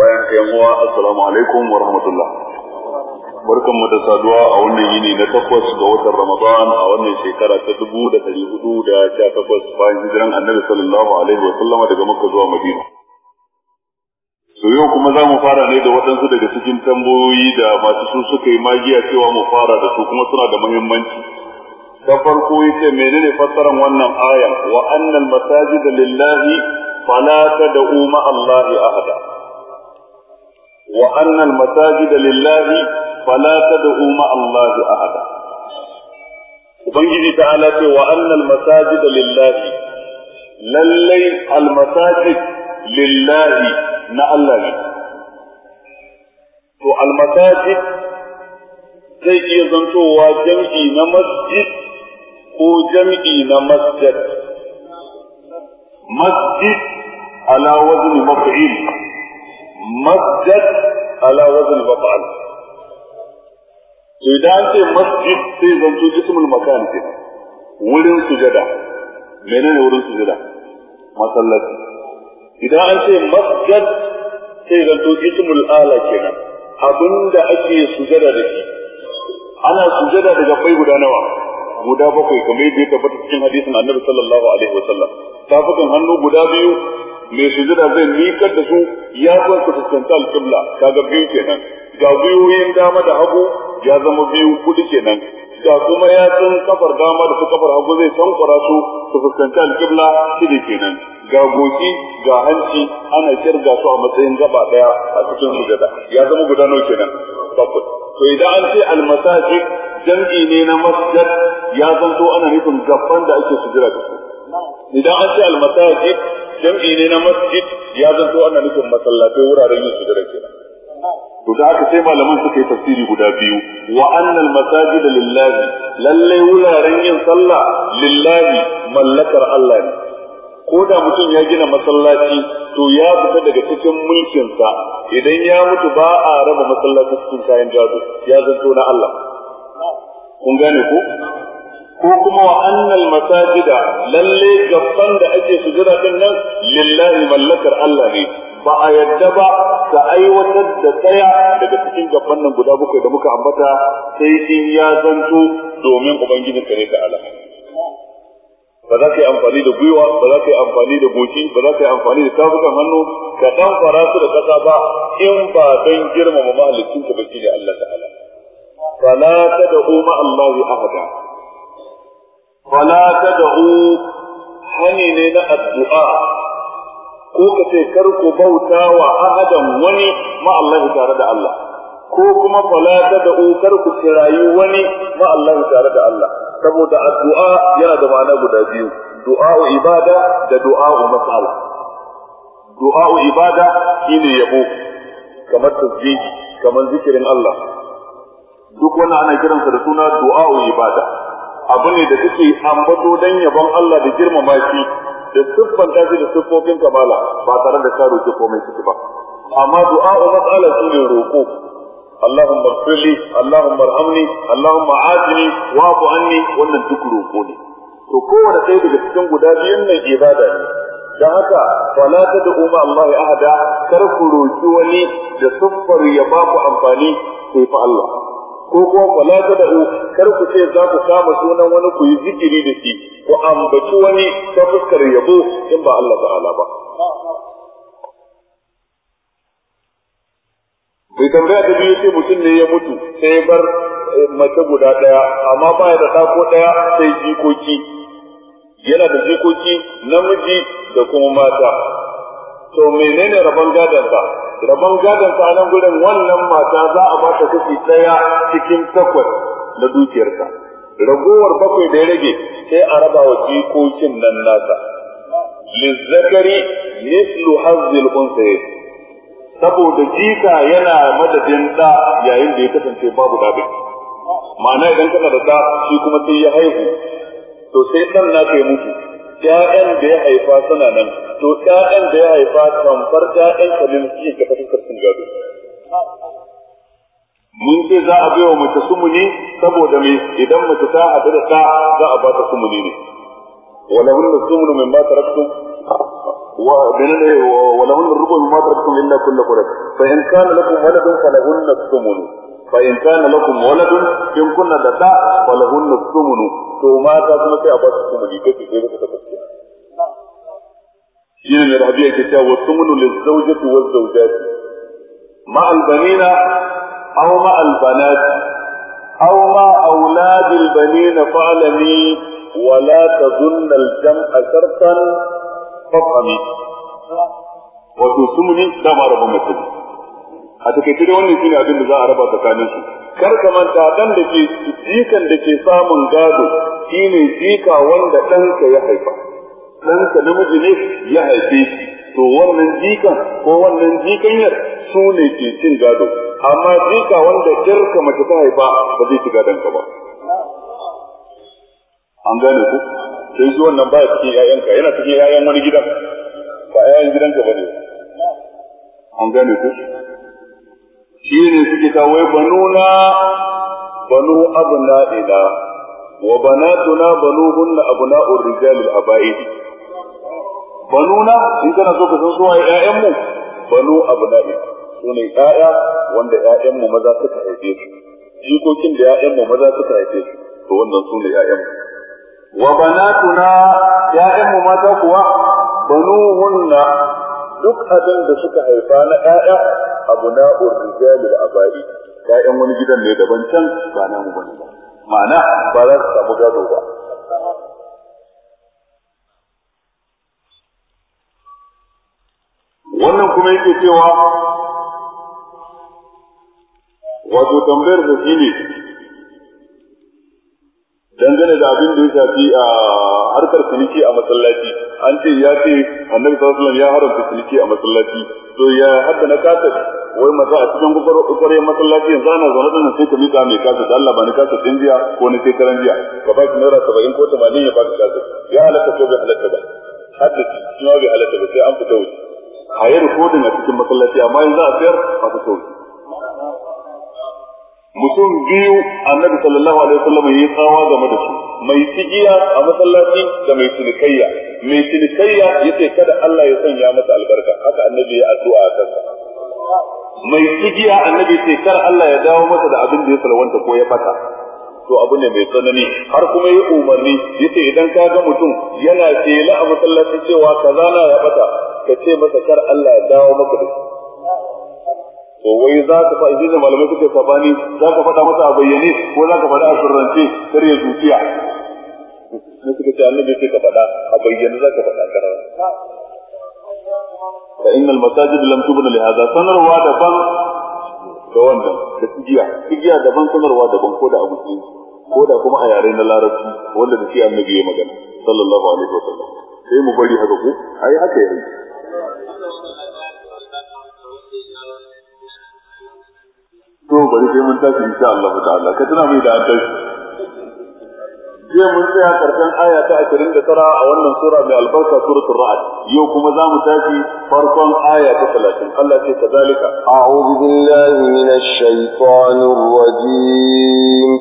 bayan haka yan assalamu alaikum wa rahmatullah barkan mu da saduwa a wannan yini na takwas ga watan ramadan a wannan shekara ta dubu da dari hudu da sha takwas bayan hijiran annabi sallallahu alaihi wa sallama daga makka zuwa madina to yau kuma za mu fara ne da waɗansu daga cikin tambayoyi da masu su suka yi magiya cewa mu fara da su kuma suna da muhimmanci da farko yake menene fassarar wannan aya wa annal masajida lillahi fala tad'u ma'allahi allahi ahada وأن المساجد لله فلا تدعوا مع الله أحدا Ubangiji ta ce wa annal masajida lillahi lallai almasajid lillahi na Allah ne to almasajid zai iya zantowa jam'i na masjid ko jam'i na masjid masjid ala wajen maf'il masjid ala wazn bafal to idan an ce masjid sai zanto jismul makan ke wurin sujada menene wurin sujada masallaci idan an ce masjid sai zan zanto jismul ala kenan abinda ake sujada da shi ana sujada daga bai guda nawa guda bakwai kamar yadda ya tabbata cikin hadisin annabi sallallahu alaihi wasallam tafukan hannu guda biyu mai sujada zai miƙar da su ya zo su fuskanta alƙibla ga biyu kenan ga gwiwoyin dama da hagu ya zama biyu kudu kenan ga kuma ya san kafar dama da su kafar hagu zai tankwara su su fuskanta alƙibla shida kenan ga goki ga hanci ana kirga su a matsayin gaba daya a cikin sujada ya zama guda nawa kenan bakwai to idan an ce almasajid jam'i ne na masjid ya zanto ana nufin gaban da ake sujada da su idan an ce almasajid jam'i ne na masjid ya zan so ana nufin masallatai wuraren yin sujada kenan to da aka sai malaman suka yi tafsiri guda biyu wa annal masajid lillahi lalle wuraren yin sallah lillahi mallakar Allah ne ko da mutum ya gina masallaci to ya fita daga cikin mulkinsa idan ya mutu ba a raba masallaci cikin kayan gado ya zanto na Allah kun gane ko ko kuma wa annal masajida lalle gaban da ake sujada din nan lillahi mallakar Allah ne ba a yadda ba ta aiwatar da tsaya daga cikin gaban nan guda bakwai da muka ambata sai in ya zanto domin ubangijin kare ta Allah ba za ka yi amfani da gwiwa ba za ka yi amfani da goki ba za ka yi amfani da tafukan hannu ka dan fara su da kasa ba in ba don girmama mahalicin ka ba shine Allah ta'ala fala tad'u ma ahada fala tad'u hani ne na addu'a ko ka ce kar ku bauta wa ahadan wani ma Allah tare da Allah ko kuma fala tad'u kar ku kirayi wani ma Allah tare da Allah saboda addu'a yana da ma'ana guda biyu Du'a'u ibada da du'a'u mas'ala Du'a'u ibada shine yabo kamar tasbihi kamar zikirin Allah duk wannan ana kiransa da suna du'a'u ibada abu ne da suke ambato dan yabon Allah da girmama shi da siffanta shi da sifofin kamala ba tare da ka roƙi komai mai ba amma du'a'u mas'ala su ne roƙo Allahumma اغفر Allahumma اللهم Allahumma اللهم عافني wannan duk roƙo ne to kowane sai daga cikin guda biyun nan ibada ne don haka fala ta da umma Allah ahada kar ku roki wani da siffar ya ba ku amfani sai fa Allah ko kuma fala ta da kar ku ce za ku kama sunan wani ku yi zikiri da shi ku ambaci wani ta fuskar yabo in ba Allah ta'ala ba bai tambaya da biyu sai mutum ne ya mutu sai ya bar eh, mace guda ɗaya amma baya da ɗako ɗaya sai jikoki yana da jikoki namiji da kuma mata to menene rabon gadon ba? rabon gadon ta nan gurin wannan mata za a bata kashi daya cikin takwas na dukiyarka ragowar bakwai da ya rage sai a raba wa jikokin nan nata lizzakari mislu hazzil unsayi saboda jika yana madadin da yayin da ya kasance babu dabi ma'ana idan kana da da shi kuma sai ya haihu to sai dan naka ya mutu yayan da ya haifa suna nan to yayan da ya haifa tamfar yayan kalin su ga fuskar sun gado mun ce za a bai wa mace sumuni saboda me idan mace ta haɗu da ta za a ba ta sumuni ne ولهن rubu mai تركتم ولهن الربع مما تركتم إلا كل قرد فإن كان لكم ولد فلهن الثمن فإن كان لكم ولد da ta to mata kuma sai a ba su kuma riga su zai ta gaskiya shi ne rabi yake cewa wa tumunu lizawjati wa zawjati ma albanina aw ma albanat aw ma aulad albanina fa'lami wa la tazunna aljam'a shartan fafhami wato tumuni da ma rabu mutum a takaice da wannan shine abin da za a raba tsakanin su Karka manta dan da ke jikan da ke samun gado shine jika wanda ɗanka ya haifa ɗanka namiji ne ya haife shi to wannan jikan ko wannan jikanyar su ne ke cin gado amma jika wanda kirka mace ta haifa ba zai ci ka ba an gane ku sai zuwan wannan ba cikin ƴaƴanka yana cikin ƴaƴan wani gidan ba ƴaƴan gidanka ba ne an gane ku shi ne suke ta wai na banu abna ila wa banatuna banu hunna abna urrijal al-aba'id na in kana so ka san su waye ƴaƴan mu banu abna ila sune ƴaƴa wanda ƴaƴan mu maza suka haife su jikokin da ƴaƴan mu maza suka haife su to wannan sune ƴaƴan mu wa na ƴaƴan mu mata kuwa hunna. duk abin da suka haifa na ƴaƴa abu na urrijali da abai ƴaƴan wani gidan ne daban can ba na mu bane ba ma'ana ba za su samu gado ba wannan kuma yake cewa wato tambayar mu shine dangane da abin da ya shafi a harkar ciniki a masallaci an ce ya ce annabi sallallahu ya haramta ciniki a masallaci to ya hadda na kasar wai maza a cikin kwakware masallaci yanzu ana zaune nan sai ka mika mai kasar da Allah ba ni kasar din jiya ko ni sai karan jiya ka baki naira saba'in ko tamanin ya ka kasar ya halatta ko bai halatta ba hadda shi ma bai halatta ba sai an fita wuce a yi rikodin a cikin masallaci amma yanzu a sayar a sauki mutum biyu annabi sallallahu alaihi wasallam yayi tsawa game da su mai tijiya a masallaci da mai cinikayya mai cinikayya yace kada Allah ya sanya masa albarka haka annabi ya addu'a a kansa mai tijiya annabi sai kar Allah ya dawo masa da abin da ya salwanta ko ya fata to abu ne mai tsanani har kuma yi umarni yace idan ka ga mutum yana tela a masallaci cewa kaza na ya fata ka ce masa kar Allah ya dawo maka da to wai za ka fa idan malamai kuke sabani za ka faɗa masa a bayyane ko za ka faɗa a sirrance kar ya zuciya ne suka ce annabi sai ka faɗa a bayyane za ka faɗa karar fa innal masajid lam tubna li hadha sanarwa daban da wannan da tijiya tijiya daban sanarwa daban ko da abu ko da kuma a yare na larabci wanda da shi annabi ya magana sallallahu alaihi wasallam sai mu bari haka ko ai haka yayi to bari sai mun tashi insha Allah ta'ala ka tana mai da addashi sai mun tsaya karshen aya ta 29 a wannan sura mai albarka suratul ra'd yau kuma zamu tashi farkon aya ta 30 Allah ce kazalika a'udhu billahi minash shaitanir rajim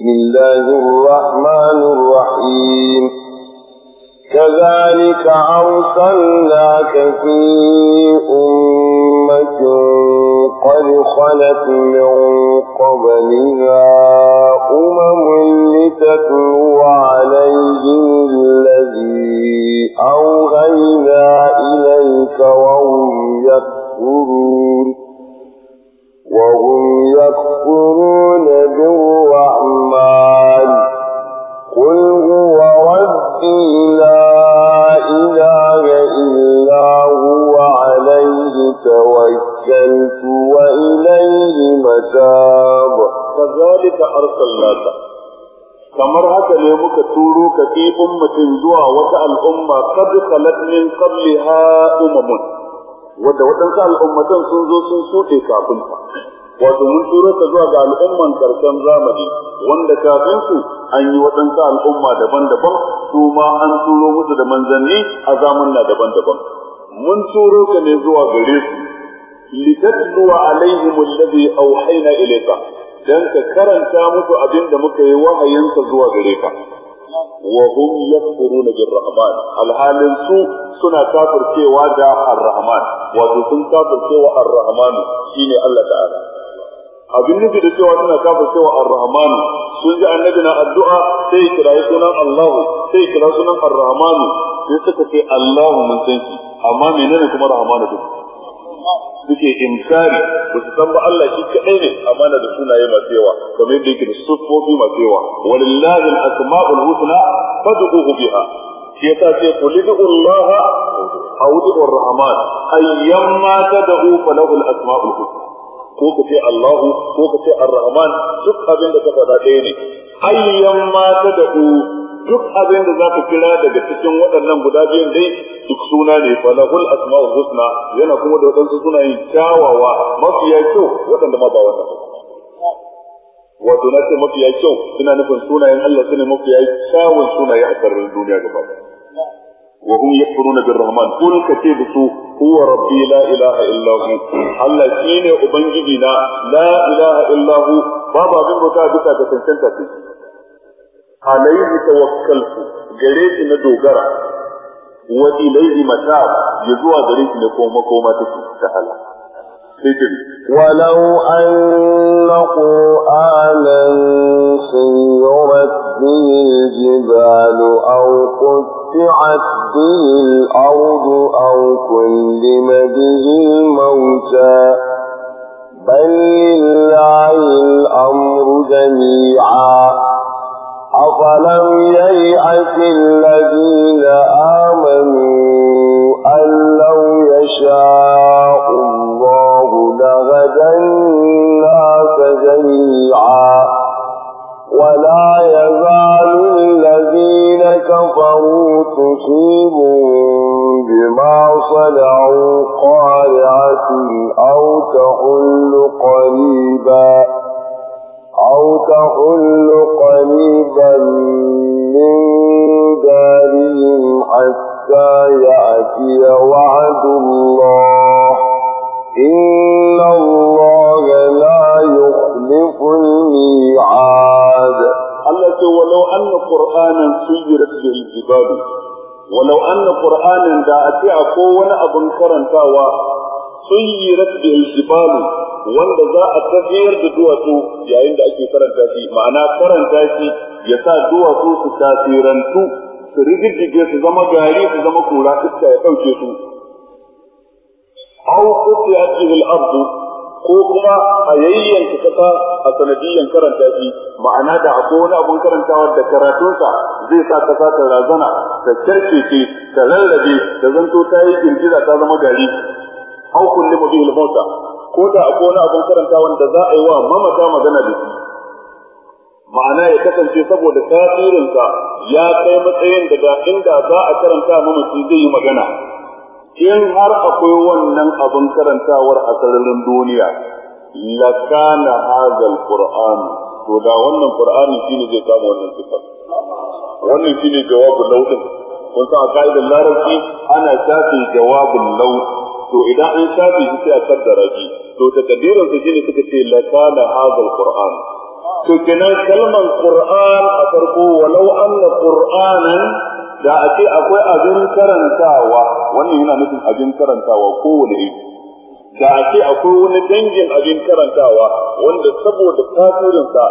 بسم الله الرحمن الرحيم كذلك أرسلناك في أمة قد خلت من قبلها أمم لتتلو عليهم الذي أوغينا إليك وهم يكفرون وهم يكفرون بالرحمن قل هو ربي لا توكلت وإليه متاب كذلك أرسلناك kamar haka ne muka turo ka fi ummatin zuwa wata al'umma qad khalat min qabliha umamun wanda waɗansu al'ummatan sun zo sun shuɗe kafin ta wato mun turo ka zuwa ga al'umman karshen zamani wanda kafin su an yi waɗansu al'umma daban-daban su ma an turo musu da manzanni a zamanna daban-daban mun turo ka ne zuwa gare su litatluwa alaihim alladhi awhayna ilayka dan ka karanta musu abin da muka yi ka zuwa gare ka wa hum yakfuruna rahman. alhalin su suna kafircewa da ar-rahman. arrahman wato sun kafircewa ar-rahman shine Allah ta'ala abin nufi da cewa suna kafircewa rahmanu sun ji annabi na addu'a sai kira sunan Allah sai kira sunan ar-rahmanu sai suka ce Allah mun san shi amma menene kuma rahmanu duk. suke inkari ba su san ba Allah shi kadai ne amana da sunaye masu yawa kamar yadda yake da sufofi masu yawa walillahi asmaul husna fad'uhu biha shi yasa ce qul Allah aw ud'u ar-rahman ayyamma tad'u falahu al-asma'ul husna ko ka ce Allahu ko ka ce ar-rahman duk abin da ka faɗa ɗaya ne ayyamma tad'u duk abin da zaka kira daga cikin waɗannan guda biyun dai duk suna ne falahul asma'ul husna yana kuma da waɗansu sunayen kyawawa mafiya kyau waɗanda ma ba wannan wato na ce mafiya kyau suna nufin sunayen Allah sune mafiya kyawun sunaye a sararin duniya gaba وهم يكفرون بالرحمن قل da su ربي لا la ilaha هو الله شيء ne ubangiji na la ilaha illa hu babu abin da bauta duka da tantance عليه توكلت جريت ندوغرا وإليه متاب يدوى جريت نقوم قومة تسهل ولو أن قرآنا سيرت به الجبال أو قطعت به الأرض أو كلم به الموتى بل لله الأمر جميعا أفلم ييأس الذين آمنوا أن لو يشاء الله لغدى الناس جميعا ولا يزال الذين كفروا تصيبهم بما صنعوا قارعة أو تحل قريبا أو تحل قريبا من دارهم حتى يأتي وعد الله إن الله لا يخلف الميعاد التي ولو أن قرآنا سيرت به الجبال ولو أن قرآنا دا أتي أقوى أبن كرنتا سيرت به الجبال wanda za a tafiyar da duwatsu yayin da ake karanta shi ma'ana karanta shi ya sa duwatsu su tasirantu su rigidige, su zama gari su zama kura iska ya ɗauke su aw ya bil ardu ko kuma a yayyanta kasa a sanadiyyan karanta shi ma'ana da a wani abun karanta da karatunsa zai sa kasa ta razana ta ce, ta lallabe ta zanto ta yi girgiza ta zama gari aw kullu bihi al-mauta ko da akwai wani abin karanta wanda za a yi wa mamata magana da shi ma'ana ya kasance saboda tasirinsa ya kai matsayin da inda za a karanta mamaci zai yi magana in har akwai wannan abin karantawar a sararin duniya lakana hazal qur'an to da wannan qur'ani shine zai samu wannan sifar wannan shine jawabul lawd kun san a ka'idar larabci ana shafe jawabul lawd to idan an shafe shi sai a kaddara shi to takadirin su shine suka ce la kana hadal qur'an to kenan kalmar qur'an a farko walau anna qur'anan da a ce akwai abin karantawa wannan yana nufin abin karantawa kowane ne da a ce akwai wani dangin abin karantawa wanda saboda tasirinsa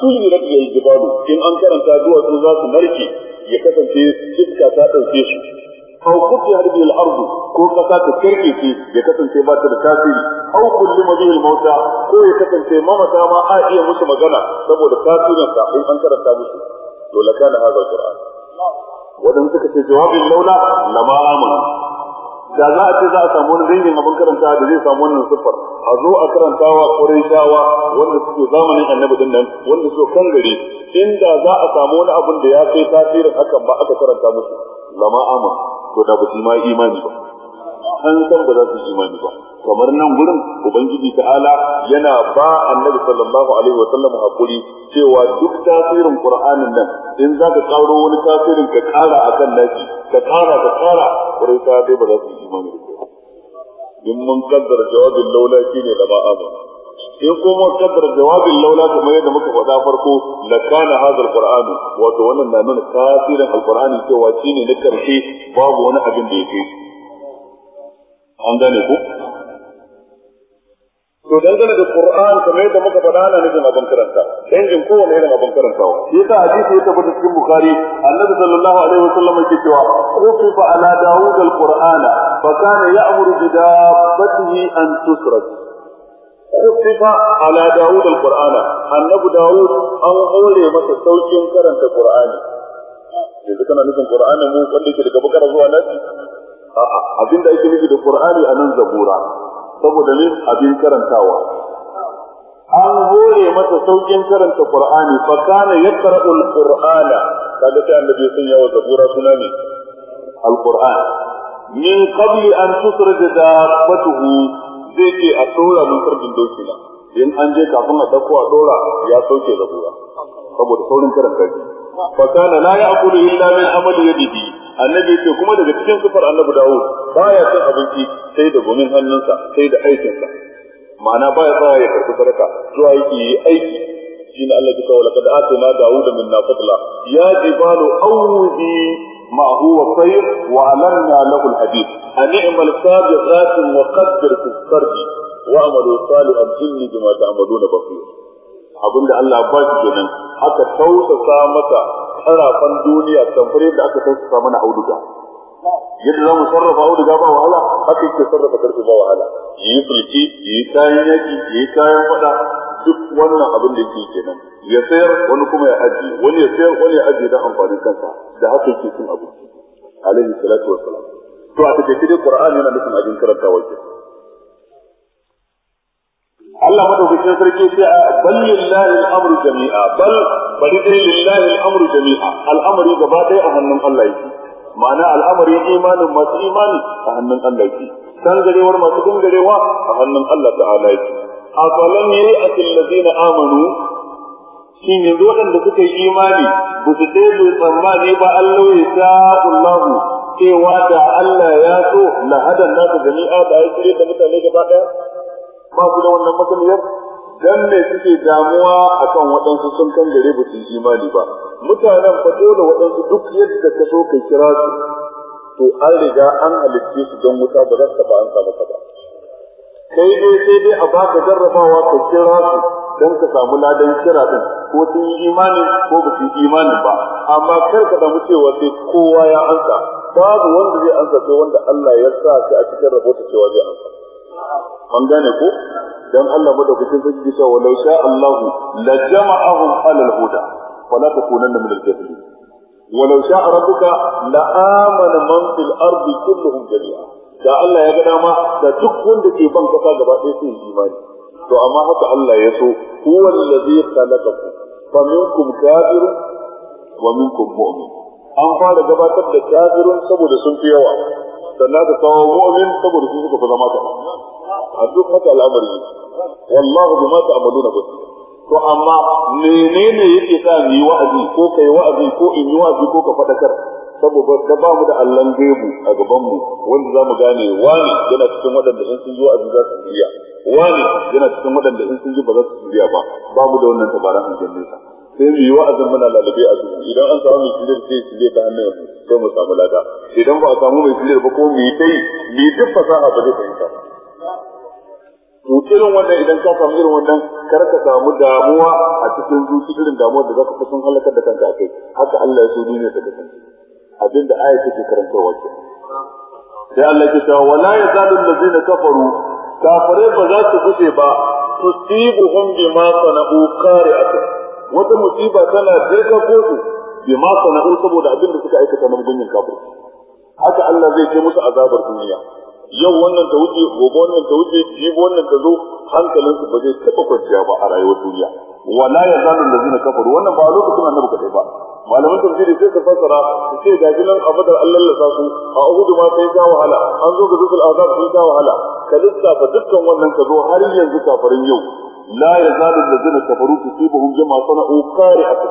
su yi da jibalu in an karanta duwatsu za su narke ya kasance iska ta ɗauke shi. aw qutiyar bil ard ko kasa ta kirkice ya kasance ba ta da tasiri aw kullima bihi al mauta ko ya kasance mamata ma a iya musu magana saboda tasirin sa in an karanta musu to la kana hadha al qur'an wadan suka ce jawabin laula lama da za a ce za a samu wani zangin abin karanta da zai samu wannan siffar a zo a karantawa shawa wanda suke zamanin annabi din nan wanda su kan gari inda za a samu wani abin da ya kai tasirin hakan ba aka karanta musu lama amanu to da ba su ma imani ba an san ba za su imani ba kamar nan gurin ubangiji ta'ala yana ba annabi sallallahu alaihi wa sallam hakuri cewa duk tasirin qur'anin nan in zaka kawo wani tasirin ka kara akan naci ka kara ka kara kurai ta dai ba za su imani ba in mun kaddara jawabin laula shine da ba amana in kuma kaddara jawabin laula kamar yadda muka faɗa farko la kana hadha alquran wato wannan na nuna tasirin alqur'ani cewa shine na karshe babu wani abin da yake an gane ku to dangane da Qur'an kamar yadda muka faɗa ana nufin abin karanta dangin kowane irin abin karanta wa? yasa hadisi ya tabbata cikin Bukhari Annabi sallallahu alaihi wasallam yake cewa uqifa ala Dawud al-Qur'ana fa kana ya'muru bi dabbatihi an tusrak خفف على داود القرآن النبي داود أن أولي متى سوكي كرن القرآن إذا كان نفس القرآن مو قد يجي لك بكرة هو نفسي abinda ake nufi da Qur'ani a nan zabura saboda ne abin karantawa an hore masa saukin karanta Qur'ani fa kana yaqra'u al-Qur'ana kaga sai annabi sun yawa zabura suna ne al min qabli an tusrida dabbatuhu zai ce a tsora mun doki na in an je kafin a dauko a tsora ya sauke kura saboda saurin karin Fasana na kana la ya'kulu illa min amali yadihi annabi ce kuma daga cikin sufar annabi ba ya cin abinci sai da gumin hannunsa sai da aikinsa ma'ana baya tsaya ya karɓi sadaka zuwa yake yi aiki shi ne Allah ya kawo na atina da minna fadla ya jibalu awdi ma huwa wa alanna lahu hadith أن اعمل سابغات وقدر في السرد وعملوا صالحا إني بما تعملون بصير abin da Allah ba shi kenan aka tausasa mata sarafan duniya tamfare da aka tausasa mana auduga yadda za mu sarrafa auduga ba wahala haka yake sarrafa karfe ba wahala yi sulki yi kayan yaki yi kayan fada duk wannan abin da yake kenan ya sayar wani kuma ya aji. wani ya sayar wani ya ajiye don amfanin kansa da haka yake cin abinci alaihi salatu wa salam. to a take dai qur'ani yana nufin abin karantawa ke Allah madaukakin sarki sai a bal lillahi al-amru jami'a bal bari dai lillahi al-amru jami'a al'amari gaba ɗaya a hannun Allah yake ma'ana al'amari imanin masu imani a hannun Allah yake garewar masu dangarewa a hannun Allah ta'ala yake afalan yai'atil ladina amanu shin yanzu da suka yi imani ba su ɗaya tsammani ba Allah ya sa'ullahu cewa da Allah ya so na hadan nasu jami'a da ya kire da mutane gaba daya ba su da wannan matsaliyar dan me suke damuwa akan waɗansu sun kan gare ba su imani ba mutanen fa dole waɗansu duk yadda ka so kai kira su to an riga an halicce su don wuta ba za ka ba an samu ka ba kai dai sai dai a baka jarrabawa ka kira su don ka samu ladan kira din ko sun yi imanin ko ba su yi imanin ba amma kar ka damu cewa sai kowa ya ansa babu wanda zai ansa sai wanda Allah ya sa shi a cikin rahoto cewa zai ansa an gane ko dan Allah madaukakin sarki cewa walau sha Allah la jama'ahum alal huda fala takunanna min al-jahilin walau sha rabbuka la amana man fil ardi kulluhum jami'a da Allah ya ga dama da duk wanda ke ban kasa gaba ɗaya sai imani to amma haka Allah ya so huwa allazi khalaqakum faminkum kafir wa minkum mu'min an fara gabatar da kafirun saboda sun fi yawa sannan da kawo mu'min saboda sun suka fi zama ta. a duk haka al'amari wallahu bima ta'maluna basir to amma menene yake sa ni wa'azi ko kai wa'azi ko in yi wa'azi ko ka fadakar saboda da ba mu da allon gebu a gaban mu wanda za mu gane wani yana cikin waɗanda in sun yi wa'azi za su shirya wani yana cikin waɗanda in sun ji ba za su shirya ba ba mu da wannan tabaran aljanna sai mu yi wa'azin muna lalabe a duhu idan an samu mai filiyar sai su ta hannun sai mu samu lada idan ba a samu mai filiyar ba ko mu yi ta yi duk fasaha ba zai fahimta to irin wannan idan ka samu irin wannan kar ka samu damuwa a cikin zuci irin damuwar da za fi sun halakar da kanka akai haka Allah ya so duniya ta kasance abinda aya take karantarwa ke sai Allah ke cewa wala yazalu allazina kafaru kafare ba za su gushe ba tusibuhum bima sana'u qari'atan wata musiba tana jirga kotu bi ma sana'u saboda abin da suka aikata na mugunyin kafir haka Allah zai ce musu azabar duniya yau wannan ta wuce gobe wannan ta wuce jibi wannan ta zo hankalinsu ba zai taɓa kwanciya ba a rayuwar duniya wala ya zalu allazina kafaru wannan ba a lokacin annabi kadai ba malaman tafsiri sai su fassara su ce ga jinan abadar Allah lallasa su a uhudu ma sai ta wahala an zo ga zukul azab sai ta wahala ka lissafa dukkan wannan ka zo har yanzu kafarin yau la yazalu allazina kafaru tusibuhum jama sana'u qari'atu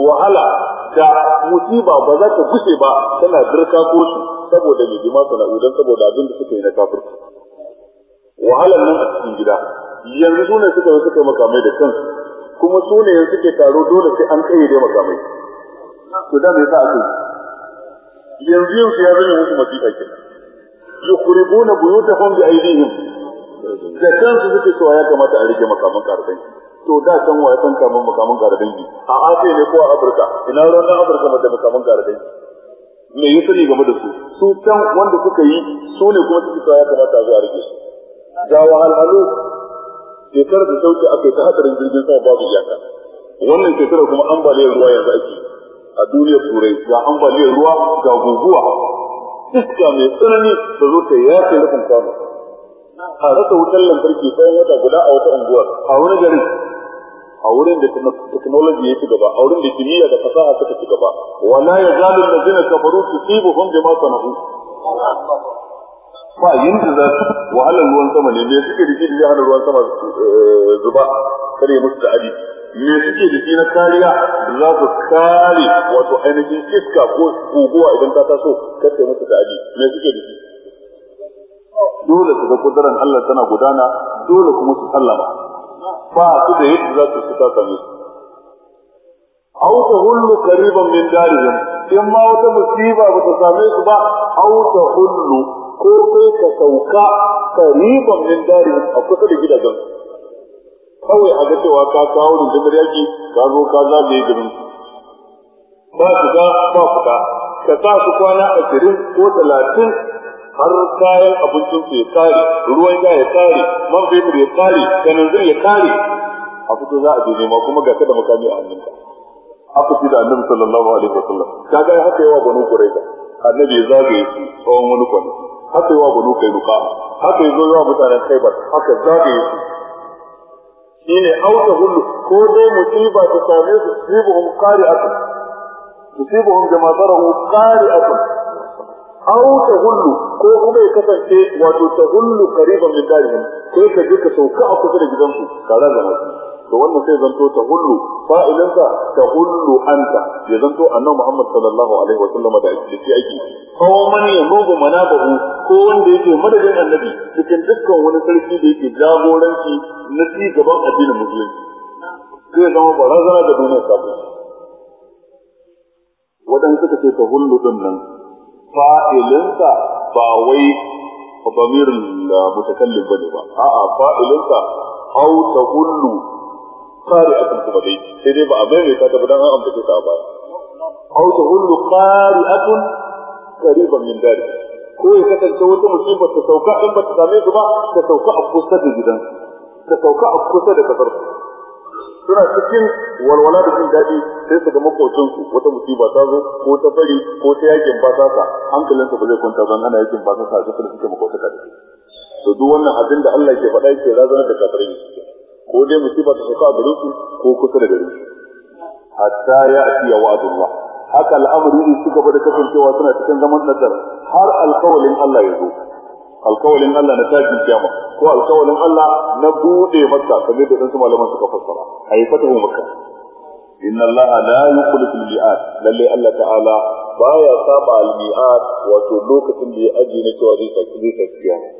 wahala da musiba ba za ta gushe ba tana dirka kursu saboda ne bima sana'u dan saboda abin da suka yi na kafirci wahalan nan cikin gida yanzu su ne makamai da kansu kuma su suke taro dole sai an kayyade makamai to da me yasa aka yanzu yanzu ya zama musu masifa kenan yukhribuna buyutahum bi da kansu suke cewa ya kamata a rike makaman karfin to da san wa san kaman makaman karfin a asiya ne ko a afirka ina ruwan dan afirka mata makaman karfin me yi sani game da su su can wanda suka yi su ne kuma suke cewa ya kamata a zo a rike su ga wahalhalu shekarar da sauki aka yi ta hatsarin jirgin sama babu iyaka wannan shekara kuma ambaliyar ruwa yanzu ake a duniyar turai ga ambaliyar ruwa ga guguwa iska mai tsanani da zo ta yace rufin kwano a rasa wutar lantarki sai wata guda a wata unguwa a wani gari a wurin da technology ya ci gaba a wurin da kimiyya da fasaha suka ci gaba wala ya zalu allazina kafaru tusibuhum bima sanahu ba yanda za su wahalar ruwan sama ne me suke da shi da yana ruwan sama eh, zuba kare musu da adi me suke da shi na kariya za su kare wato ainihin iska ko guguwa idan ta taso kace musu da adi me suke da shi dole su ga kudurar Allah tana gudana dole kuma su sallama ba su da yadda za su fita sami su ta hullu kariban min darihim in ma wata musiba ba ta same su ba aw ta hullu ko kai ka sauka kariban min darihim a kusa da gidajen kawai a ga cewa ka kawo rundunar yaki ka zo ka zagaye garin ba su ga ba fita ka sa su kwana ashirin ko talatin har kayan abincin su ya kare ruwan ya ya kare man fetur ya kare kananzir ya kare a fito za a je nema kuma ga da makami a hannunka haka fito da annabi sallallahu alaihi wasallam kaga ya haka yawa banu quraiza annabi ya zage yi tsawon wani kwano. haka yawa banu ruka haka yazo yawa mutanen kaibar haka zagaye su shine auta hullu ko dai musiba ta same su musibuhum qari'atun musibuhum jama'a qari'atun aw hullu ko kuma ya kasance wato ta tahullu qariban min darihim sai ka je ka sauka a kusa da gidansu tare da mutum to wannan sai zanto tahullu fa'ilinsa tahullu anta ya zanto annabi Muhammad sallallahu alaihi wa sallam da ake ci aiki ko man yanubu manabahu ko wanda yake madadin annabi cikin dukkan wani sarki da yake jagoranci na ci gaban addinin musulunci sai zama barazana da duniyar kafirci waɗanda suka ce tahullu din nan fa'ilinsa ba wai bamirin eh, mutakallim bane ba a'a fa'ilinsa au taqullu qari'atun kuma dai sai dai ba a mai ta ba dan an ambace ta ba au taqullu qari'atun qariban min dari ko ya kasance wata musibar ta sauka in ba ta same su ba ta sauka a kusa da gidan ta sauka a kusa da kasar suna cikin walwala da jin daɗi sai su ga makocinsu wata musiba ta zo ko ta fari ko ta yakin ba ta hankalinsa ba zai kwanta ban ana yakin ba ta sa duk da suke makotaka da su duk wannan abin da Allah ke faɗa yake razana da kafirai ko dai musiba ta sauka a garin su ko kusa da garin su hatta ya atiya wa'adullah haka al'amari ne suka bada kasancewa suna cikin zaman nadar har alkawalin Allah ya zo alkawalin Allah na tashin kiyama ko alkawalin Allah na bude masa kamar da dan su malaman suka fassara ayi makka إن الله لا يخلف المئات للي ألا تعالى باية طابع المئات وتلوكة لأجينة وريفة كريفة كريفة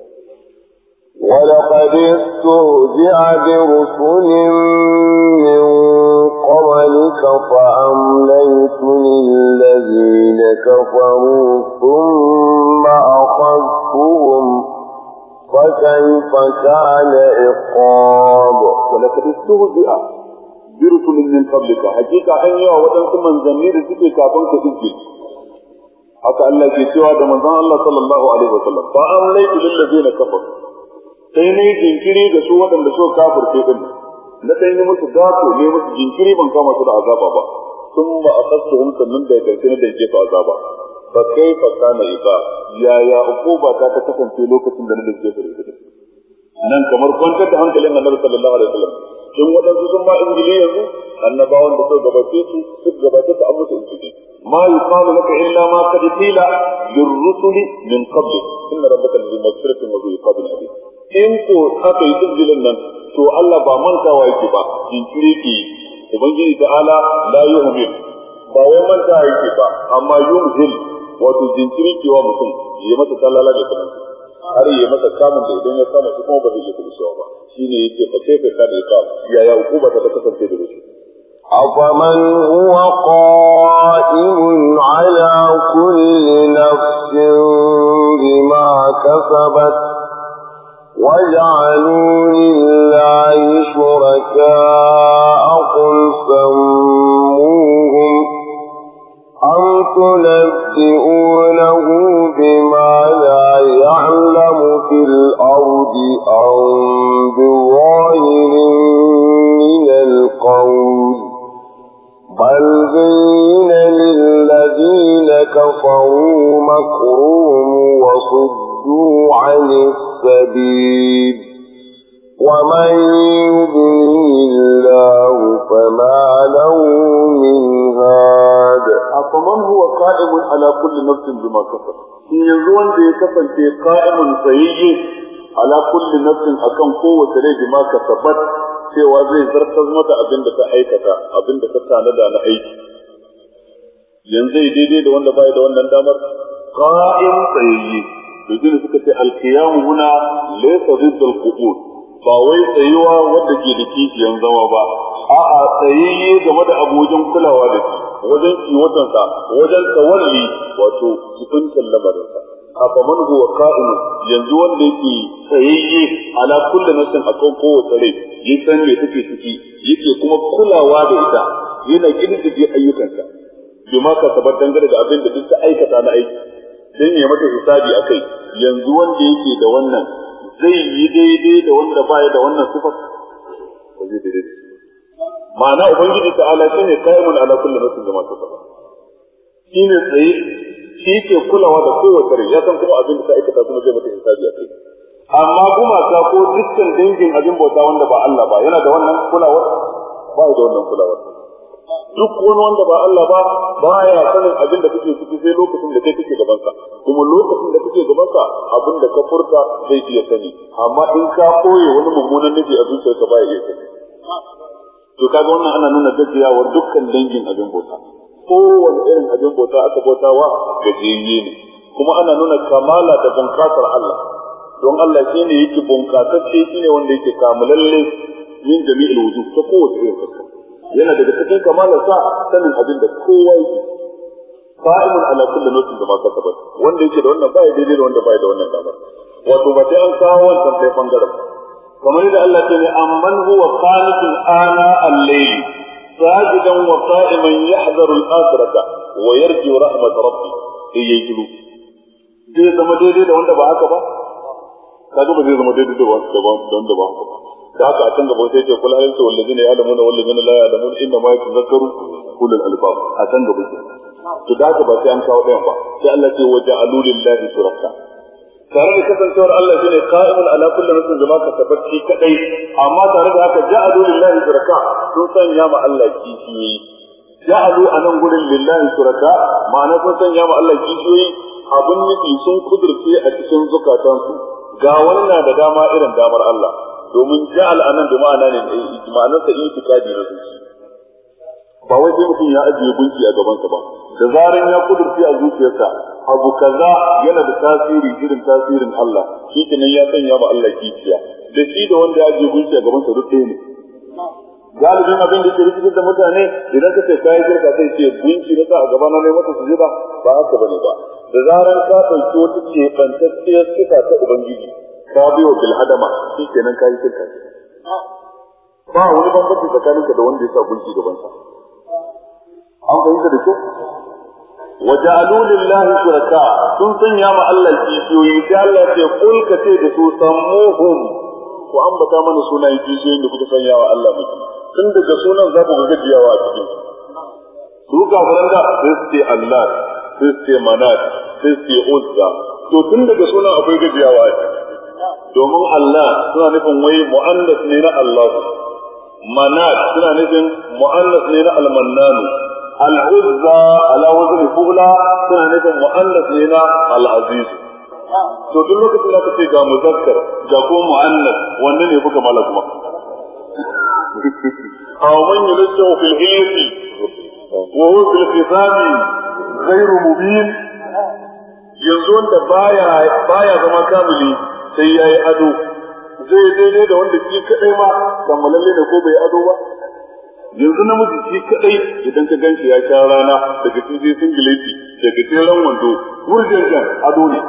ولقد استهزع برسل من قبلك فأمليت للذين كفروا ثم أخذتهم فكيف كان إقاب ولقد استهزع birkulin min qablika hakika an yawa waɗansu manzanni da suke kafin ka suke haka Allah ke cewa da manzon Allah sallallahu alaihi wasallam fa amlaytu lil ladina kafaru sai ne jinkiri da su waɗanda suka kafirce din na dan yi musu gato ne musu jinkiri ban kama su da azaba ba sun ba aqastuhum sannan da ya garkin da yake fa azaba fa kaifa kana iba Yaya uku ukuba ta kasance lokacin da nake da su nan kamar kwantar da hankalin annabi sallallahu alaihi wasallam in waɗansu sun ma injili yanzu annabawan da suka gabace su suka gabace su an musu injili ma yuqalu laka illa ma qad qila lirrusuli min qabli inna rabbaka lil maghfirati wa iqabin alim in ko aka yi injilin nan to Allah ba mantawa yake ba jinkiri ke ubangiji ta'ala la yuhmil ba wai manta yake ba amma yuhil wato jinkiri ke wa mutum ya mata talala da kansa har yi masa kamun da idan ya kama su kuma ba zai yi kulishewa ba shi ne yake fa kai ka kada ya kama yaya hukuma ta kasance da shi أفمن هو قائم على كل نفس بما كسبت وجعلوا لله شركاء قل سموهم أم تنبئونه بما لا أعلم في الأرض أم بظاهر من القول بل زين للذين كفروا مكرهم وصدوا عن السبيل ومن يضلل الله فما له من هاد أفمن هو قائم على كل نفس بما كسب إن يزون دي كسب في قائم سيئي على كل نفس أكم قوة لي بما كسبت cewa zai zartar mata abin da ta aikata abin da ta tanada na aiki yanzu daidai da wanda bai da wannan damar qa'im tsayyi to suka ce al-qiyam huna laysa ba wai tsayuwa wadda ke da kifiyan zama ba a'a tsayayye game da abojin kulawa da shi wajen kiwatansa wajen tsawalli wato kutuncin lamarinsa haka man huwa qa'im yanzu wanda yake tsayayye ala kulli nafsin akan kowace rai ya san me take ciki yake kuma kulawa da ita yana kididdige ayyukansa bima ka tabar dangane da abin da duk ta aikata na aiki dan ya mata hisabi akai yanzu wanda yake da wannan zai yi daidai da wanda ba ya da wannan sufa ba zai daidai da ma'ana ubangiji ta ala ne qa'imun ala kulli nafsin bima shi ne tsaye shi ke kulawa da kowace rai ya san kuma abin da ta aikata kuma zai mata hisabi a kai amma kuma ta ko dukkan dangin abin bauta wanda ba Allah ba yana da wannan kulawar ba da wannan kulawar duk wani wanda ba Allah ba ba ya sanin abin da kake ciki sai lokacin da kai kake gaban ka. kuma lokacin da kake gaban ka, abin da ka furta zai iya sani amma in ka koye wani mummunan nufi a zuciyarka baya iya sani to kaga wannan ana nuna gajiyawar dukkan dangin abin bauta kowane irin abin bauta aka bautawa gajiyayye ne kuma ana nuna kamala da bunkasar Allah don Allah shi ne yake bunkasacce shi ne wanda yake kamulalle yin jami'il wujud ta kowace irin fuska yana daga cikin kamalar sa sanin abin da kowa yake fa'imun ala kulli ba bima kasabat wanda yake da wannan bai daidai da wanda bai da wannan kamar wato ba sai an kawo wannan sai bangaren kamar yadda Allah ya ce amman huwa qanitun ana al-layl sajidan wa qa'iman yahdharu al-akhirata wa yarju rahmat rabbi sai yayi kilo zai zama daidai da wanda ba haka ba kaga ba zai zama daidai da wanda ba haka ba da haka a can gaba sai ce kula halitta wallazi ne alamuna wallazi ne la ya'lamun inna ma yatazakkaru ulul albab a can gaba ke to da haka ba sai an kawo ɗayan ba sai Allah ce waje alulillahi suraka. tare da kasancewar Allah shine qa'imun ala kulli nafsin zama ka tabbaci kadai amma tare da haka ja'alu lillahi shuraka sun sanya ma Allah kishiyoyi ja'alu anan gurin lillahi suraka, ma'ana sun sanya ma Allah kishiyoyi abun nufi sun kudurce a cikin zukatansu ga wani na da dama irin damar Allah domin ja'al anan da ma'ana ne eh, ma'anar sa itikadi na zuci ba wai sai mutum ya ajiye gunki a gabansa ba da zaran ya kudurci a zuciyarsa abu kaza yana da tasiri irin tasirin Allah shi kenan ya sanya ma Allah kikiya da shi da wanda ya ajiye gunki a gabansa duk ɗaya ne galibin abin da ke rikitar da mutane idan ka ce kayi shirka sai ce gunki na sa a gaba na mata su ji ba ba haka bane ba da zaran ka ɗauki wata ce bantacciyar suka ta Ubangiji ka biyo bil hadama shi kenan ka yi shirka ba wani bambanci tsakaninka da wanda ya sa gunki gabansa an fahimta da kyau وجعلوا لله شركاء sun sanya ma Allah kishiyoyi sai Allah ce kul ka ce da su sammuhum ku ambata mana sunayen kishiyoyin da kuka sanya wa Allah miki tun daga sunan za ku ga gajiyawa a cikin su kafiran da sai su ce Allah sai manat sai su uzza to tun daga sunan akwai gajiyawa a cikin domin Allah suna nufin wai mu'annas ne na Allah manat suna nufin mu'annas ne na almannanu al'uzza ala wazn fula suna nufin mu'annas ne na al'aziz to duk lokacin da kace ga muzakkar ga ko mu'annas wanne ne kuka mala kuma aw man yulqu fil ilmi wa huwa fil khisami ghayr mubin yanzu wanda baya baya zama kamili sai ya yi ado zai daidai da wanda shi kaɗai ma malalle ne ko bai ado ba yanzu namiji shi kaɗai idan ka gan shi ya sha rana daga cikin singileti daga tseren wando wurjen jan ado ne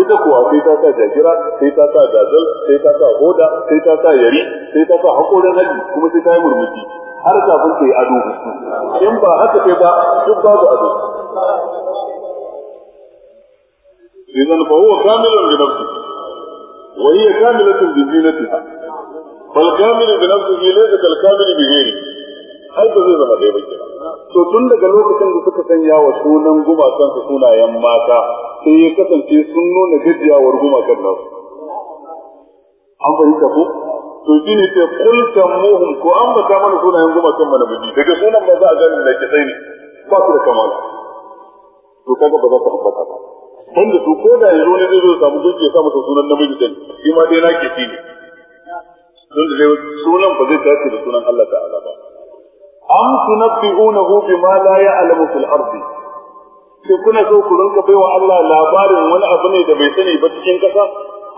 ita kuwa sai ta sa jagira sai ta sa gazal sai ta sa hoda sai ta sa yari sai ta sa haƙorin haji kuma sai ta yi murmushi har kafin ta yi ado in ba haka kai ba duk babu ado إذا فهو كامل بنفسه وهي كاملة بزينتها فالكامل بنفسه ليس كالكامل بغيره هذا زي ما دai bai to tun daga lokacin da suka sanya wa sunan gumakan su sunayen mata sai ya kasance sun nuna gajiyawar gumakan nan. an fahimta ko to shi ne sai kulta muhum ko an bata mana sunayen gumakan mana biji daga sunan maza a ganin da ke sai ne ba su da kamala to kaga ba za su ambata ba banda su ko da ya zo wani zai zo samu gunki ya sa masa sunan namiji din shi ma dai na ke shi ne don da zai sunan ba zai dace da sunan Allah ta'ala ba am tunabbi'unahu bima la ya'lamu fil ardi sai kuna so ku rinka baiwa Allah labarin wani abu ne da bai sani ba cikin kasa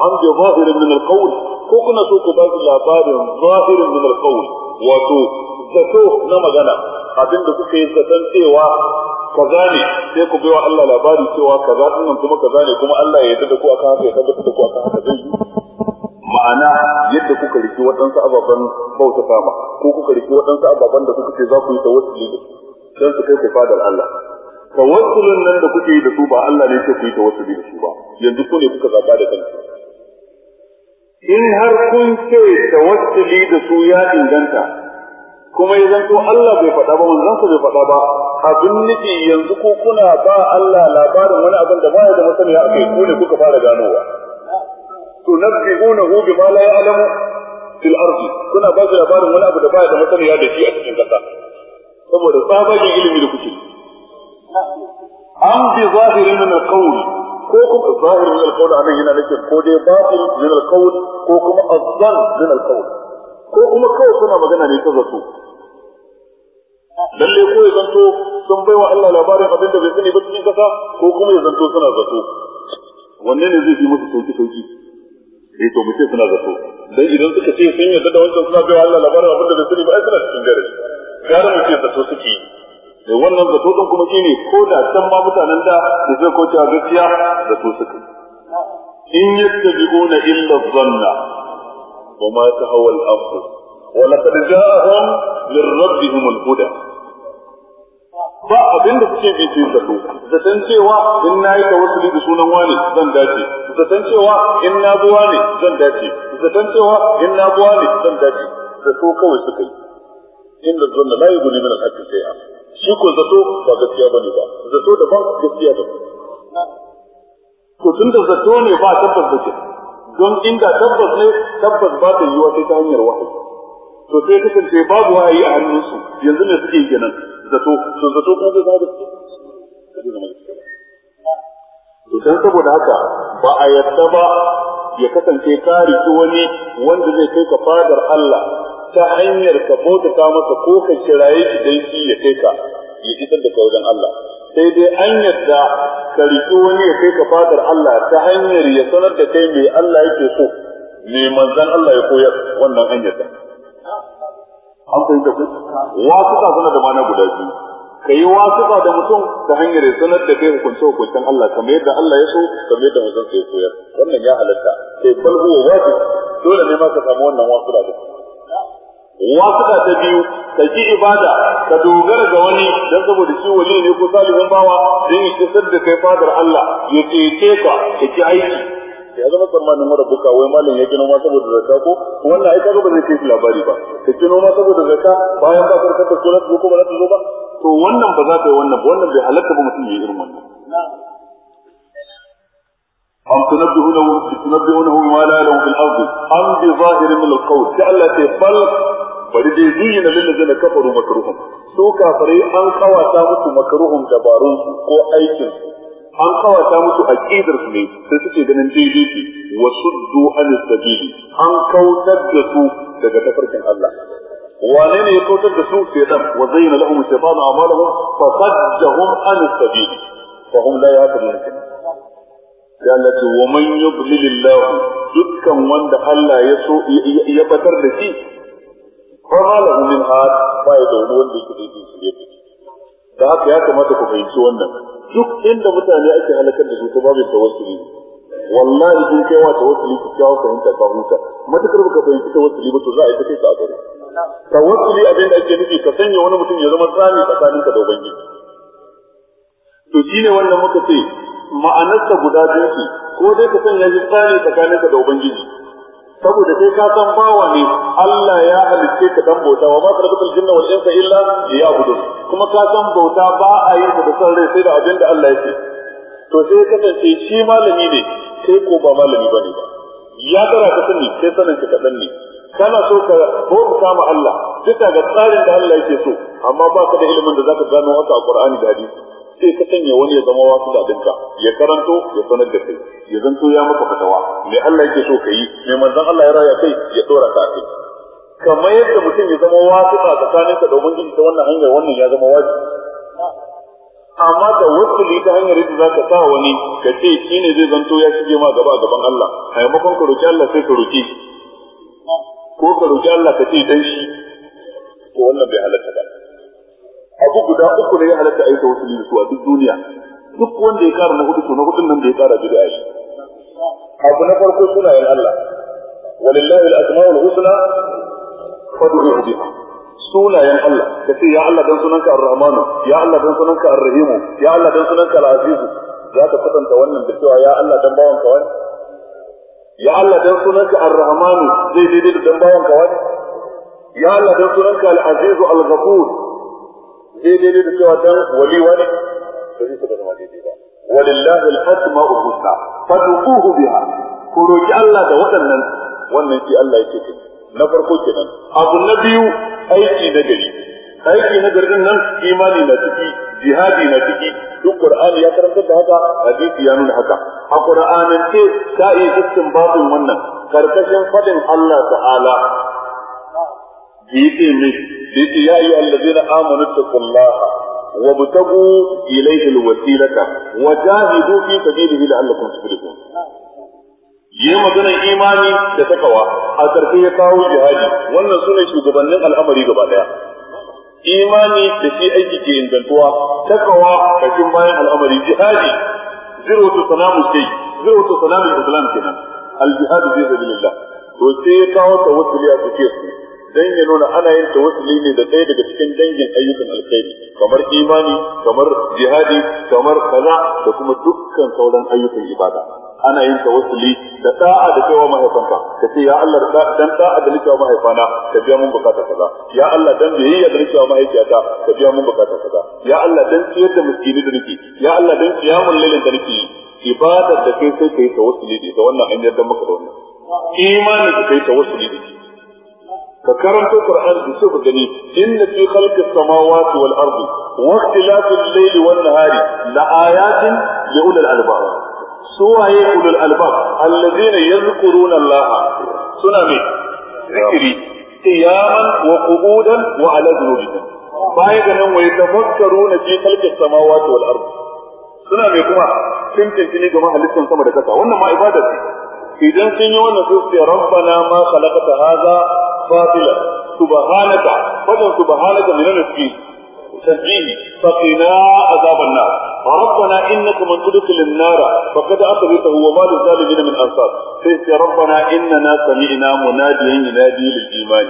am bi zahirin min al-qawl ko kuna so ku ba labarin zahirin min al-qawl wato zato na magana abin da kuka yi zaton cewa kaza ne sai ku baiwa Allah labari cewa kaza din nan kuma kaza ne kuma Allah ya yarda da ku aka haka ya tabbata da ku aka haka zai ma'ana yadda kuka riki waɗansu ababen bauta fama, ko kuka riki waɗansu ababen da kuka ce za ku yi tawassuli da dan su kai ku fadar Allah tawassulin nan da kuke yi da su ba Allah ne ya ce ku yi tawassuli da su ba yanzu ku ne kuka zaba da kanku in har kun ce tawassuli da su ya inganta kuma ya zanto Allah bai faɗa ba manzansa bai faɗa ba abin nufi yanzu ko kuna ba Allah labarin wani abin da baya da masaniya a kai ko kuka fara ganowa to nabbi'unahu bima la ya'lamu fil ardi kuna ba su labarin wani abu da baya da masaniya da shi a cikin kasa saboda tsabagen ilimi da kuke an bi zahirin na al ko kuma zahirin alƙaul anan yana nake ko dai batil min alƙaul ko kuma azzan min alƙaul ko kuma kawai suna magana ne ta zato lalle ko ya zanto sun bai wa Allah labarin abin da bai sani ba cikin kasa ko kuma ya zanto suna zato wanne ne zai fi musu sauki sauki eh to mutum suna zato dan idan suka ce sun yarda da wancan suna bai wa Allah labarin abin da bai sani ba ai suna cikin gare gara mu ce zato suke yi da eh, wannan zato din kuma shine ko da can ma mutanen da da zai ko cewa gaskiya da su suka in ona illa dhanna wa ma tahawwa al-anfus wa laqad ja'ahum min rabbi al-huda ba abin da kuke bi sai zato zaton cewa in na yi tawassuli da sunan wani zan dace zaton cewa in na zuwa ne zan dace zaton cewa in na zuwa ne zan dace zato kawai suka yi inda zan la yi guli min al-haqqi a shi ko zato ba gaskiya bane ba zato da ba gaskiya ba ko tun da zato ne ba tabbas ba ke don inda tabbas ne tabbas ba ta yiwa sai ta hanyar wahayi to sai kasance babu wahayi a hannunsu yanzu ne suke gina zato to zato ko zai zama to dan saboda haka ba a yadda ba ya kasance ka wani wanda zai kai ka fadar Allah ta hanyar ka bautata masa ko ka kiraye shi dan shi ya kai ka ya isar da kai wajen Allah sai dai an yadda ka riƙi wani ya kai ka fadar Allah ta hanyar ya sanar da kai mai Allah yake so mai manzan Allah ya koyar wannan an yadda an fahimta ku wasuƙa suna da mana guda biyu ka yi wasuƙa da mutum ta hanyar ya sanar da kai hukunce hukuncen Allah kamar yadda Allah ya so kamar yadda mutum sai koyar wannan ya halatta sai balbuwa wasu dole ne ma ka samu wannan wasuƙa da wasuka ta biyu ka ji ibada ka dogara ga wani dan saboda shi wali ne ko salihin bawa don ya kisar da kai fadar Allah ya cece ka ka ki aiki ya zama tsammanin mara buka wai malam ya kino ma saboda zakka ko wannan ai kaga ba zai kai labari ba ka kino ma saboda zakka bayan ka farka ta sunan ko ba zai ta zo ba to wannan ba za ta yi wannan ba wannan bai halatta ba mutum ya yi irin wannan أم تنبهونه تنبهونه ما لا يعلم في الأرض أم بظاهر من القول كألا لا بل bari dai zuyina lillazina kafaru makaruhun. su kafirai an kawata musu makaruhun dabarun su ko aikin su an kawata musu aqidar su ne sai suke ganin daidai ce wa suddu an sabili an kautar da su daga tafarkin Allah wane ne ya kautar da su shaytan wa zayyana lahum shaytanu a'malahum fa saddahum an sabili fa hum la yahtadun ya lati wa man yudlilillahu dukkan wanda Allah ya so ya batar da shi ko malahu min had ba ya da wani wanda yake da yake shirye da haka ya kamata ku fahimci wannan duk inda mutane ake halakar da su ta babu tawassuli wallahi kun kai wa tawassuli ku kawo fahimta ka huta matakar ka fahimci tawassuli ba to za a yi take ka a gare tawassuli abin da ake nufi ka sanya wani mutum ya zama tsani tsakaninka da ubangiji to shine wannan muka ce ma'anarsa guda biyu ko dai ka sanya shi tsani ka da ubangiji saboda sai ka san bawa ne Allah ya alice ka dan bauta wa ma rubuta jinna wal insa illa gudu. kuma ka san bauta ba a yi da san rai sai da abin da Allah yake to sai kasance shi malami ne sai ko ba malami bane ba ya tsara ka sani sai sanin ka kadan ne kana so ka bauta ma Allah duka ga tsarin da Allah yake so amma ba ka da ilimin da zaka gano haka a Qur'ani da hadisi sai ka sanya wani ya zama wasu dadinka ya karanto ya sanar da kai ya zanto ya maka fatawa mai Allah yake so kai mai manzon Allah ya raya kai ya dora ka kai kamar yadda mutum ya zama wasu ba tsakanin ka domin jin ta wannan hanyar wannan ya zama wasu amma da wasuli ta hanyar yadda za ka sa wani ka ce shi ne zai zanto ya shige ma gaba a gaban Allah a maimakon ka roki Allah sai ka roki ko ka roki Allah ka ce dan shi to wannan bai halatta ba abu guda uku ne ya halatta ayyuka wasu ne su a duk duniya duk wanda ya kara na hudu to na hudun nan da ya kara bid'a shi abu na farko sunayen Allah walillahi al-asma'ul husna fad'uhu biha sunayen Allah ka ce ya Allah dan sunanka ar-rahman ya Allah dan sunanka ar-rahim ya Allah dan sunanka al-aziz za ka kwatanta wannan da cewa ya Allah dan bawan wani? ya Allah dan sunanka ar-rahman zai daidai da dan bawan wani? ya Allah dan sunanka al-aziz al-ghafur daidai ne da cewa dan wali wani ba zai taɓa zama daidai ba walillahi al-asma'ul husna fad'uhu biha ku roki Allah da waɗannan wannan shi Allah yake ce na farko kenan abu na biyu aiki na gari aiki na garin nan imani na ciki jihadi na ciki duk qur'ani ya karanta da haka hadisi ya nuna haka a qur'anin ce ka yi dukkan babin wannan karkashin fadin Allah ta'ala yi ne. yake ya ayu allazina amanu taqullaha wa butagu ilayhi alwasilata wa jahidu fi sabilihi la'allakum tuflihun yi magana imani da takawa a karfe ya kawo jihadi wannan sune shugabannin al'amari gaba daya imani da shi aiki ke ingantuwa takawa kashin bayan al'amari jihadi zero to salamu kai, zero to salamu islam kenan al jihadu fi sabilillah to sai ya kawo tawassuli a cikin dan ya nuna ana yin tawassuli ne da ɗaya daga cikin dangin ayyukan alkhairi kamar imani kamar jihadi kamar kaza da kuma dukkan sauran ayyukan ibada ana yin tawassuli da da'a da kaiwa mahaifanka ka ce ya Allah dan da'a da nake mahaifana ka biya mun bukata kaza ya Allah dan biyayya da nake mahaifiyata ka biya mun bukata kaza ya Allah dan ciyar da miskini da nake ya Allah dan qiyamul lailin da nake ibadar da kai sai kai tawassuli da wannan an da maka da wannan imani da kai tawassuli da ka karanto Qur'ani da su gani inna fi khalqis samawati wal ardi wa ikhtilafil layli wan nahari la ayatin li ulil albab suwaye ulul albab allazina yadhkuruna Allah suna me zikiri qiyaman wa qu'udan wa ala dhunubihim baya ga nan wai tafakkaruna fi khalqis samawati wal ardi suna me kuma tintintini ga halittar sama da kasa wannan ma ibada ce idan sun yi wannan su ce rabbana ma khalaqta hadha باطلا سبحانك فضل سبحانك من التسبيح تسبيح فقنا عذاب النار ربنا انك من تدخل النار فقد اخذته وما للظالمين من انصار فإنت ربنا اننا سمعنا مناديا ينادي للايمان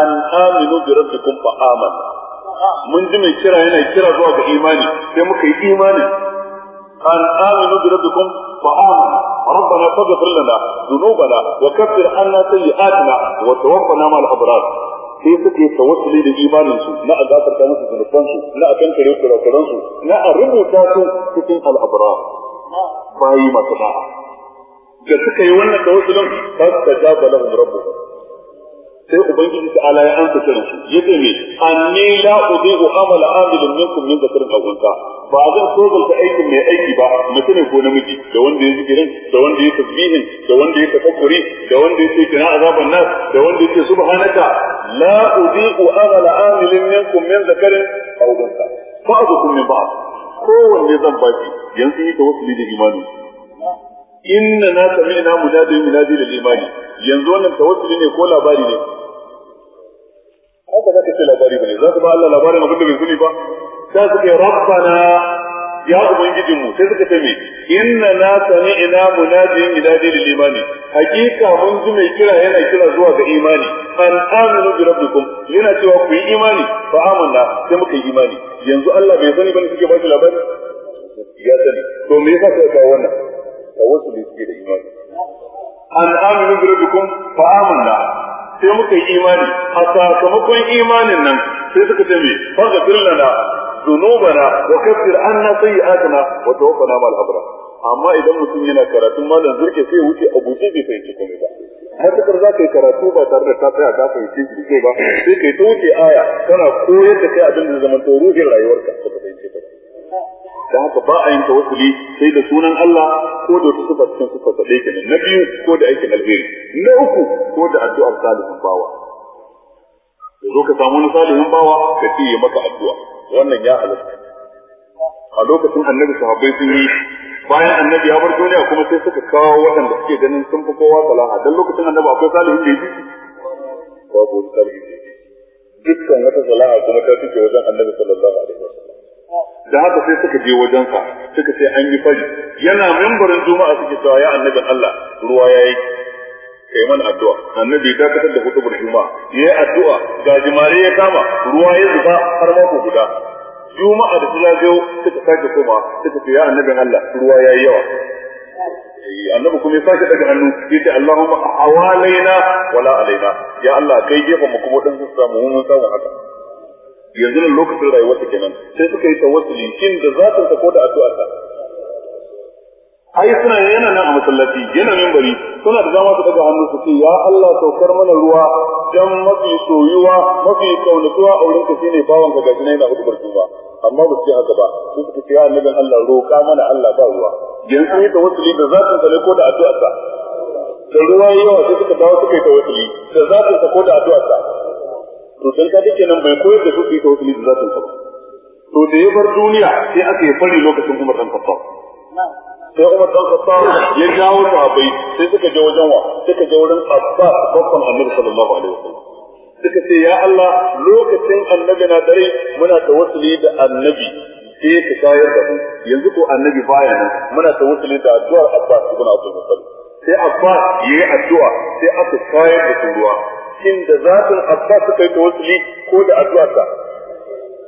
ان امنوا بربكم فامنوا mun ji mai kira yana kira zuwa ga imani sai muka yi imani an aminu bi rabbikum طعامنا ربنا فاغفر لنا ذنوبنا وكفر عنا سيئاتنا وتوفنا مع الابرار sai suka yi tawassuli da imaninsu na a gafarta musu zunubansu na a kankare kurakuransu na a rubuta su cikin al'abra bayi masu da'a da suka yi wannan tawassulin ba su ta jaba lahum rabbuhum sai ubangiji ta ala ya amsa kiran su yace me anni la udhi'u amala amilin minkum min dhakarin aw unsa ba zan so tozalta aikin mai aiki ba mace ne ko namiji da wanda ya zikirin da wanda ya tasbihin da wanda ya tafakkuri da wanda ya ce kina azaban nas da wanda ya ce subhanaka la udhi'u amala amilin minkum min dhakarin aw unsa ba'dukum min ba'd kowanne zan baki yanzu yi tawassuli da imani inna na ina munadi munadi da imani yanzu wannan tawassuli ne ko labari ne haka zaka ce labari bane za ba Allah labarin abin da bai sani ba sai suka rabbana ya mu sai suka ce me inna na ina munadi munadi da imani hakika mun ji mai kira yana kira zuwa ga imani an aminu bi rabbikum yana cewa ku yi imani fa amanna sai muka yi imani yanzu Allah bai sani bane suke ba shi labari ya sani to me yasa ka kawo wannan wasu ne suke da imani an aminu bi rabbikum fa amanna sai muka yi imani a sakamakon imanin nan sai suka ce me farga lana zunubana wa kaffir anna sayyi'atina wa tawaffana mal abra amma idan mutum yana karatun malam zurke sai wuce a guje bai fahimci komai ba matukar za ka yi karatu ba tare da ta tsaya ta fahimci shi ba sai ka yi ta wuce aya kana koyar da kai abin da zaman to ruhin rayuwarka haka ba a yin tawassuli sai da sunan Allah ko da wata sifa cikin sifa ta ɗaya kenan na biyu ko da aikin alheri na uku ko da addu'ar salihin bawa ya zo ka samu wani salihin bawa ka ce ya maka addu'a wannan ya halatta a lokacin annabi sahabbai sun yi bayan annabi ya bar duniya kuma sai suka kawo waɗanda suke ganin sun fi kowa salaha dan lokacin annabi akwai salihin da ya ji babu wani salihin da ya ji dukkan wata salaha kuma ta fice wajen annabi sallallahu alaihi wasallam da haka sai suka je wajensa suka sai an yi fari yana membarin juma'a suke cewa ya annabin Allah ruwa ya yi kai mana addu'a annabi ta fitar da hutubar juma'a ya yi addu'a ga jimare ya kama ruwa ya zuba har mako guda juma'a da suna biyo suka sake koma suka ce ya annabin Allah ruwa ya yi yawa eh, annabi kuma ya sake daga hannu ya ce Allahumma awalaina wala alaina ya Allah kai jefa mu kuma dan su samu mun samu haka yanzu nan lokacin rayuwarsa kenan sai suka yi tawassuli kin da zatin ta ko da addu'a ta ai suna yana nan a masallaci yana bari. suna da dama su daga hannu su ce ya Allah saukar mana ruwa dan mafi soyuwa mafi kaunatuwa a wurin ka shine bawan ka gashi yana hudu barkin ba amma ba su haka ba su suka ce ya annabin Allah roƙa mana Allah ba ruwa yanzu sun yi tawassuli da zatin ta ne ko da addu'a ta da ruwa yawa sai suka dawo suka yi tawassuli da zatin ta ko da addu'a ta to sai ka dake nan bai koyar da su su yi wasu da zatin sa to da ya bar duniya sai aka yi fari lokacin Umar dan Khattab sai Umar dan Khattab ya jawo bai sai suka je wajen wa suka je wurin Abbas babban Annabi sallallahu alaihi wasallam suka ce ya Allah lokacin annabi na dare muna tawassuli da annabi sai ka tayar da mu yanzu ko annabi baya nan muna tawassuli da addu'ar Abbas ibn Abdul Muttalib sai Abbas yayi addu'a sai aka tayar da ruwa inda zatin Abbas suka yi tawassuli ko da addu'arsa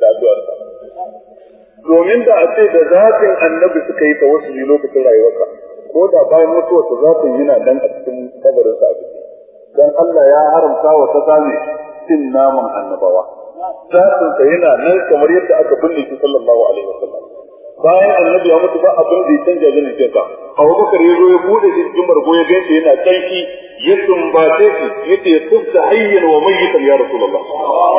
da addu'arsa domin da a ce da zatin annabi suka yi tawassuli lokacin rayuwarsa ko da bayan mutuwarsa zatin yana dan a cikin kabarinsa a cikin dan Allah ya haramta wa kasa ne cin naman annabawa zatin sa yana nan kamar yadda aka binne shi sallallahu alaihi wasallam bayan annabi ya mutu ba abin da ya canja zai ka Abu Bakar ya zo ya bude jimbar cikin bargo gaishe yana kanki ba ce shi yace ta ayyana wa mayyitan ya rasulullah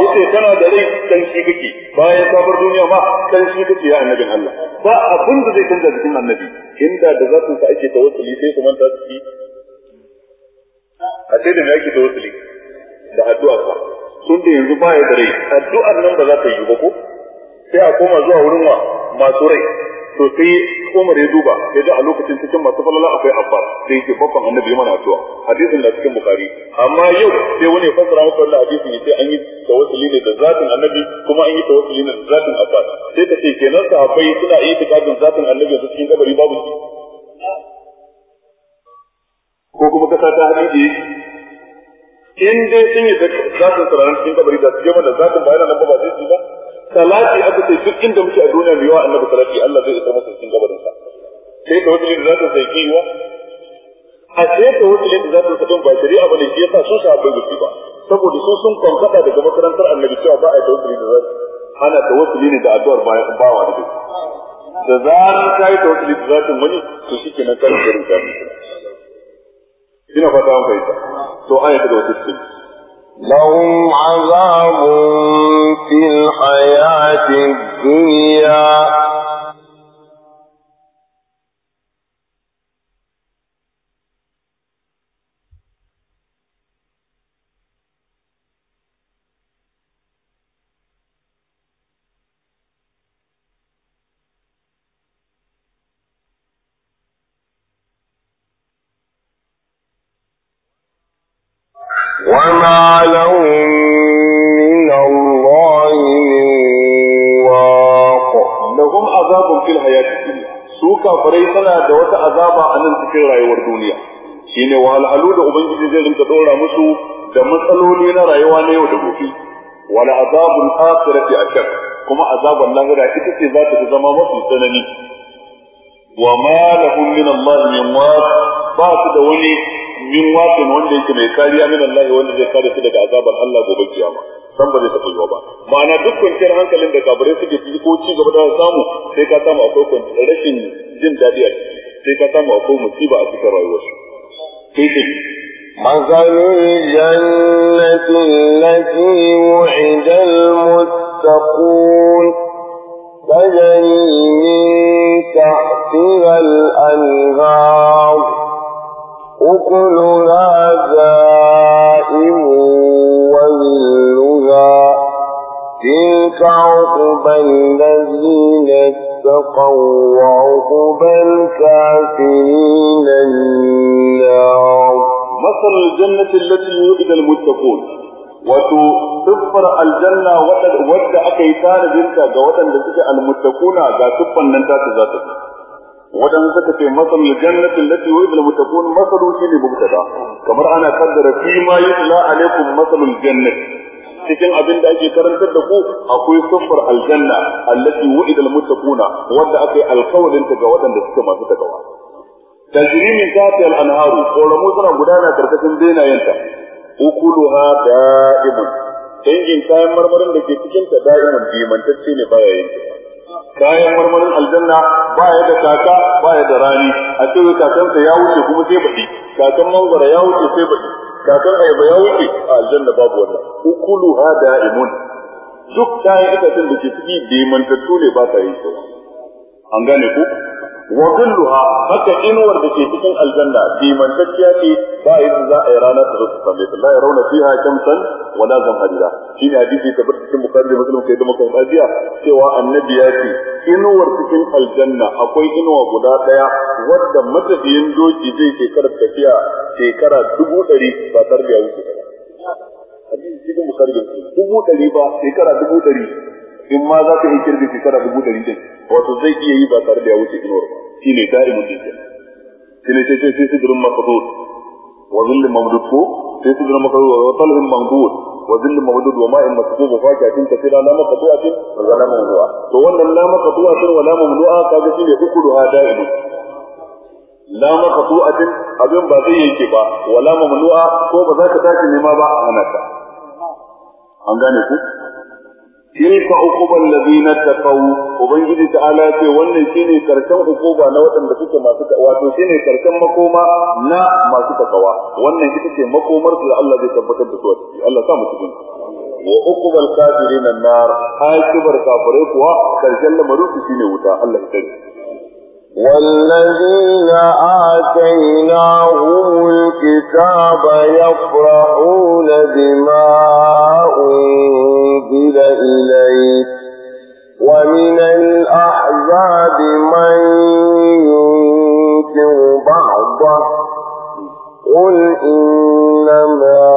yace kana da rai kan shi kake bayan kafar duniya ma kan shi kake ya annabin Allah ba abin da zai canza jikin annabi inda da zatin ka ake tawassuli sai su manta su a sai da me ake tawassuli da addu'a ka sun da yanzu ba ya da rai addu'ar nan ba za ta yi ba ko sai a koma zuwa wurin wa masu rai to sai Umar ya duba ya ji a lokacin cikin masu falala akwai Abbas sai yake babban annabi ya mana addu'a hadisin na cikin Bukhari amma yau sai wani ya fassara maka wannan ya ce an yi tawassuli ne da zatin annabi kuma an yi tawassuli ne da zatin Abbas sai ka ce kenan sahabbai suna yi tikadin zatin annabi da cikin kabari babu ko kuma ka ta hadisi in dai sun yi zatin sararin cikin kabari da su je mana zatin bayan nan ba ba zai ba salati aka ce duk inda muke a duniya mai yawa annabi salati Allah zai isa masa cikin gabarin sa sai ka wuce da za ta sai kiwa a sai ka wuce da za ta sadon ba shari'a bane shi yasa su sahabbai ba ba saboda su sun kwamfada daga makarantar annabi cewa ba a yi tawassuli da zati ana tawassuli ne da addu'ar bayan bawa da da zaran ka yi tawassuli da zatin wani to shike nan kan shirin ka ina fata an fahimta to an yi tawassuli لهم عذاب في الحياة الدنيا ɗora musu da matsaloli na rayuwa na yau da gobe wala azabul akhirati ashar kuma azabul lahira ita ce za ta zama mafi tsanani wa ma lahum min Allah min waq ba su da wani min waqin wanda yake mai kariya min Allah wanda zai kare su daga azabar Allah gobe kiyama san ba zai taɓa yiwa ba ma'ana duk kwanciyar hankalin da kafirai suke ciki ko ci gaba da samu sai ka samu akwai rashin jin daɗi a ciki sai ka samu akwai musiba a cikin rayuwarsu sai مثل الجنة galibinta ga waɗanda suke almuttaquna ga tuffan nan ta za ta fi waɗanda suka ce masal jannatin lati yu'id almuttaqun masalu shine mubtada kamar ana kaddara fi ma yutla alaikum masalul jannati cikin abin da ake karantar da ku akwai siffar aljanna allati wu'id almuttaquna wanda aka yi alkawalin ta ga waɗanda suke masu takawa tajri min tahti al-anharu ko ramu suna gudana karkashin benayenta ukuluha da'imun dangin kayan marmarin da ke cikin ta da'iman bimantacce ne baya yin kayan marmarin aljanna baya da kaka baya da rani a ce kakansa ya wuce kuma sai baɗi kakan mangwara ya wuce sai baɗi kakan ayaba ya wuce a aljanna babu wannan ukulu ha da'imun duk kayan itacen da ke ciki bimantattu ne ba ta yin an gane ku wa dhilluha haka inuwar da ke cikin aljanna dimantacciya ce ba yadda za a yi rana ta zo ta same ta la yarawna fiha shamsan wa la zamharira shi ne hadisi ta bar cikin bukhari da muslim kai da muka hadiya cewa annabi ya ce inuwar cikin aljanna akwai inuwa guda daya wadda matafiyin doki zai shekara tafiya shekara dubu ɗari ba tare da ya wuce hadisi cikin bukhari da dubu ɗari ba shekara dubu ɗari in ma za ka iya kirga shekara dubu ɗari ɗin wato zai iya yi ba tare da ya wuce inuwar ba shi ne da'imun ɗin kenan shi ne sai sai sidirin makasud wa zullin mamdud ko sai sidirin makasud wa talhin mamdud wa zullin mamdud wa ma'in masdud ka fakiyatin kasira la maqdu'atin wa la mamdu'a to wannan la maqdu'atin wa la ka kaga shi ne ukuluha da'imun la maqtu'atin abin ba zai yake ba wala mamnu'a ko ba za ka tashi nema ba a hana an gane ku tilka uqubal ladina taqaw ubangiji ta'ala ce wannan shine karshen ukuba na waɗanda suke masu wato shine karshen makoma na masu takawa wannan ita ce makomar da Allah zai tabbatar da su Allah sa mu cikin wa uqubal kafirin an-nar akibar kafirai kuwa karshen lamarin su shine wuta Allah ya والذين آتيناهم الكتاب يفرحون بما أنزل إليك ومن الأحزاب من ينكر بعضه قل إنما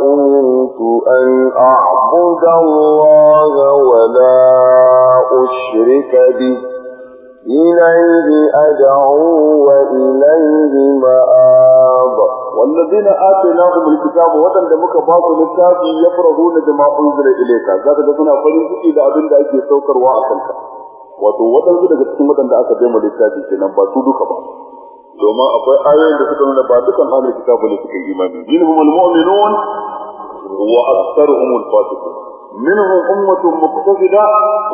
أمرت أن أعبد الله ولا أشرك به إليه أدعو وإليه مآب والذين آتيناهم الكتاب وطن دمك باطل الكتاب يفرحون بما أنزل إليك ذاك دفنا فريق إلى أبن دائك سوكر وعسلك wato waɗansu daga cikin waɗanda aka bai mu littafi nan ba su duka ba domin akwai ayoyin da suka nuna ba dukan kitabu ne suka yi imani minhum almu'minun wa aktharuhum alfasiqun minhum ummatun muqtasida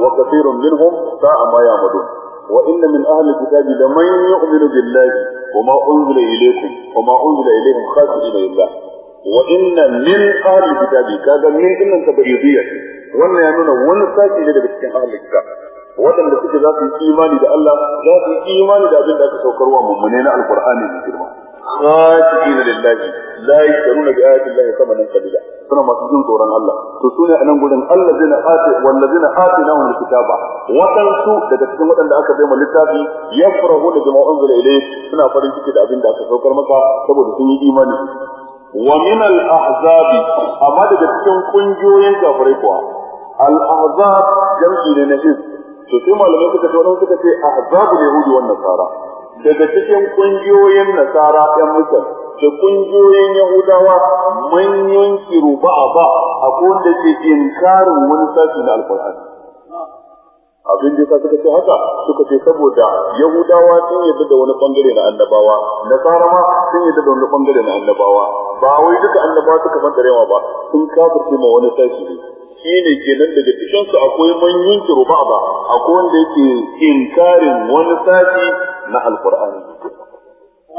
wa kathirun minhum sa'a ma ya'malun وإن من أهل الكتاب لمن يؤمن بالله وما أنزل إليكم وما أنزل إليهم خاشعين لله وإن من أهل الكتاب كذا من إن تبعيضية وأن يعنون وأن ساكي لدى بسكين أهل الكتاب وأن لسكي ذات إيمان إذا الله ذات إيمان إذا أبن ذات سوكروا ممنين القرآن الكريم khashi'ina lillahi la yashtaruna bi ayati llahi thamanan qalila suna masu jin tsoron Allah to su ne a nan gurin Allah zai na ati wallazina atinahum alkitaba wadansu daga cikin wadanda aka bai mu littafi yafrahu da jama'a unzila ilayhi suna farin ciki da abin da aka saukar maka saboda sun yi imani wa min al-ahzab amma daga cikin kungiyoyin kafirai kuwa al-ahzab jam'i ne na hizb to sai malamai suka ce wannan suka ce ahzabul yahudi wan nasara daga cikin ƙungiyoyin nasara ɗan mutum da ƙungiyoyin yahudawa manyan yunkiru ba a ba a wanda ke inkarin wani sashi na alfahari abin da suka ce haka suka ce saboda yahudawa sun yadda da wani bangare na annabawa nasara ma sun yadda da wani bangare na annabawa ba wai duka annabawa suka fantarewa ba sun kafirce ma wani sashi ne shi ne kenan daga cikinsu akwai manyan yunkiru ba'da akwai wanda yake inkarin wani sashi na alkur'ani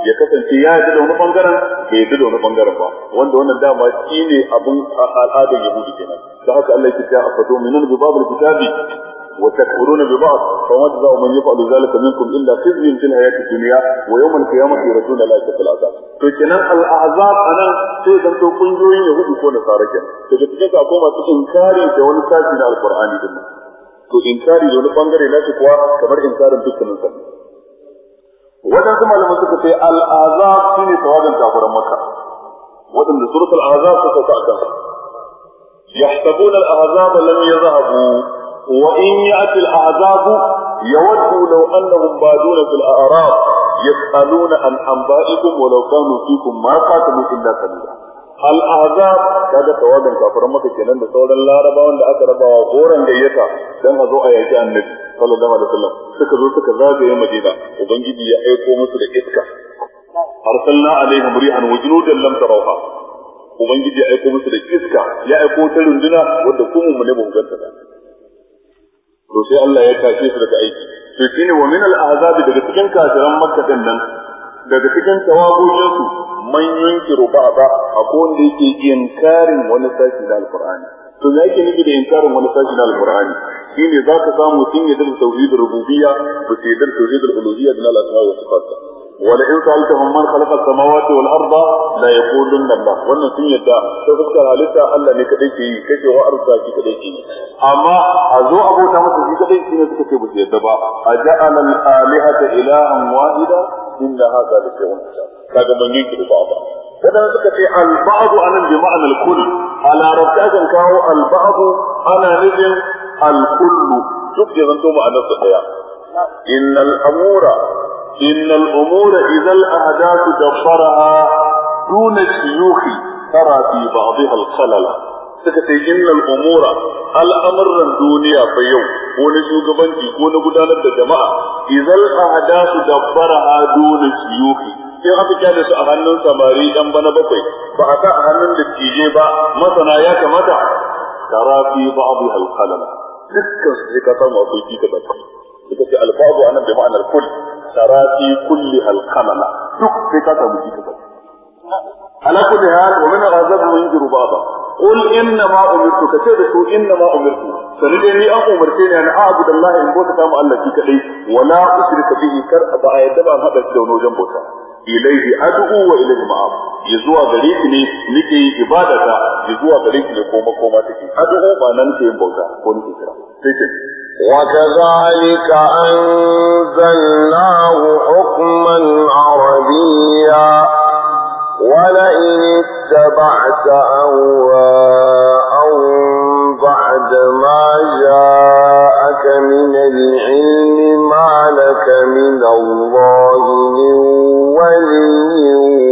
ya kasance ya yi da wani bangaren bai yi da wani bangaren ba wanda wannan dama shi ne abin al'adar yahudi kenan da haka Allah ya ce a fado minan bi babu kitabi وتكفرون ببعض فما جزاء من يفعل ذلك منكم الا خزي في الحياه الدنيا ويوم القيامه يردون لا يكفي العذاب to kenan al'azab anan sai zan to kungiyoyin yahudu ko nasara kenan daga cikin su akwai masu inkari da wani sashi na alqur'ani din to inkari da bangare na kuwa kamar inkarin dukkanin sa wadansu malaman suka ce al'azab shine tawagin kafiran makka wadanda al'azab وإن يأتي الأعذاب يودوا لو أنهم بادون في الأعراب يسألون عن أنبائكم ولو كانوا فيكم ما قاتلوا إلا قليلا al'azab kaga tawagan kafiran maka kenan da sauran larabawan da aka rabawa goran gayyata dan a zo a yaki annabi sallallahu alaihi wasallam suka zo suka zagaye madina ubangiji ya aiko musu da iska arsalna alaihim rihan wa junudan lam tarawha ubangiji ya aiko musu da iska ya aiko ta wanda ne mu to sai Allah ya kace su daga aiki to shine wa min al-ahzab daga cikin kafiran makka din nan daga cikin tawagogin su man yunkiru ba'da akwai wanda yake inkarin wani sashi da alqur'ani to me yake nufi da inkarin wani sashi na alqur'ani shine zaka samu sun yadda da tauhidul rububiyya ba su yadda da tauhidul uluhiyya da al-asma wa sifat ولئن سألتهم من خلق السماوات والأرض لا يقولن الله wannan sun yadda ta fuskar halitta Allah ne kadai ke yi kake wa arza ki kadai ke yi amma a zo abota masa shi kadai shi ne suka ce yadda ba a ja'ala al-alihata ilahan wahida inna hadha la shay'un kaga ban yanki da kawo al ana nufin al duk da zanto ma'anar innal amura إن الأمور إذا الأهداف دبرها دون الشيوخ ترى في بعضها الخلل سكتي إن الأمور الأمر الدنيا في يوم ونشوغبنجي ونقدان الجماعة إذا الأهداف دبرها دون الشيوخ in aka kyale su a hannun samari dan bana bakwai ba a sa a hannun dattijai ba masana ya kamata tara fi ba'dhi al-qalam dukkan su ka samu akwai kika da suka ce al anan bi ma'anar kull tara fi kulli alqalama duk sai ka samu shi kaza ala kulli hal wa min azabu min rubaba qul inna ma umirtu kace da su inna ma umirtu sanin da ni an umarce ni an a'budu allah in bota ta mu allah ki kadai wala usrika bihi kar ba a yadda ba hada da wani wajen bota? ilaihi ad'u wa ilaihi Ya zuwa gare ki ne nake yi ya zuwa gare ki ne koma koma take ad'u ba nan ke bota ko nake kira sai وكذلك أنزلناه حكما عربيا ولئن اتبعت أهواء بعد ما جاءك من العلم ما لك من الله من ولي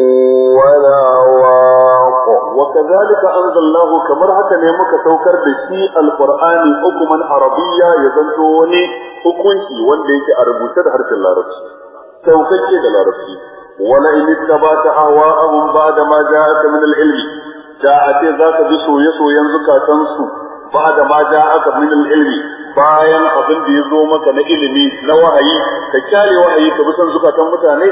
وكذلك أنزل الله كما حكى نيمك توكر بشي القرآن حكما عربيا يزنتوني حكمتي وانديك أربوشة حرف العربي توكك العربي ولئن اتبعت أهواءهم بعد ما جاءك من العلم جاءت ذاك بسو يسو ينزكا تنسو بعد ما جاءك من العلم bayan abin da ya zo maka na ilimi na wahayi ka kyale wahayi ka bi san zukatan mutane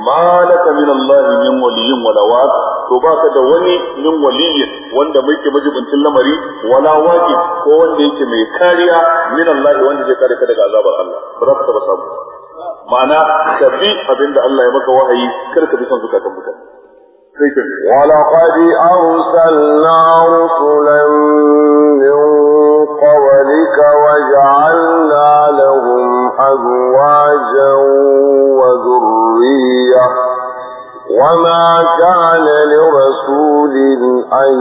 Malaka laka min Allah min waliyin wala waq to baka da wani min waliyin wanda muke majibincin lamari wala waqi ko wanda yake mai kariya min Allah wanda zai kare ka daga azabar Allah ba za ka taba samu ma'ana ka bi abinda Allah ya maka wahayi kar ka bi son zukatan mutane ولقد أرسلنا رسلا من قبلك وجعلنا لهم أزواجا وذرية وما كان لرسول أن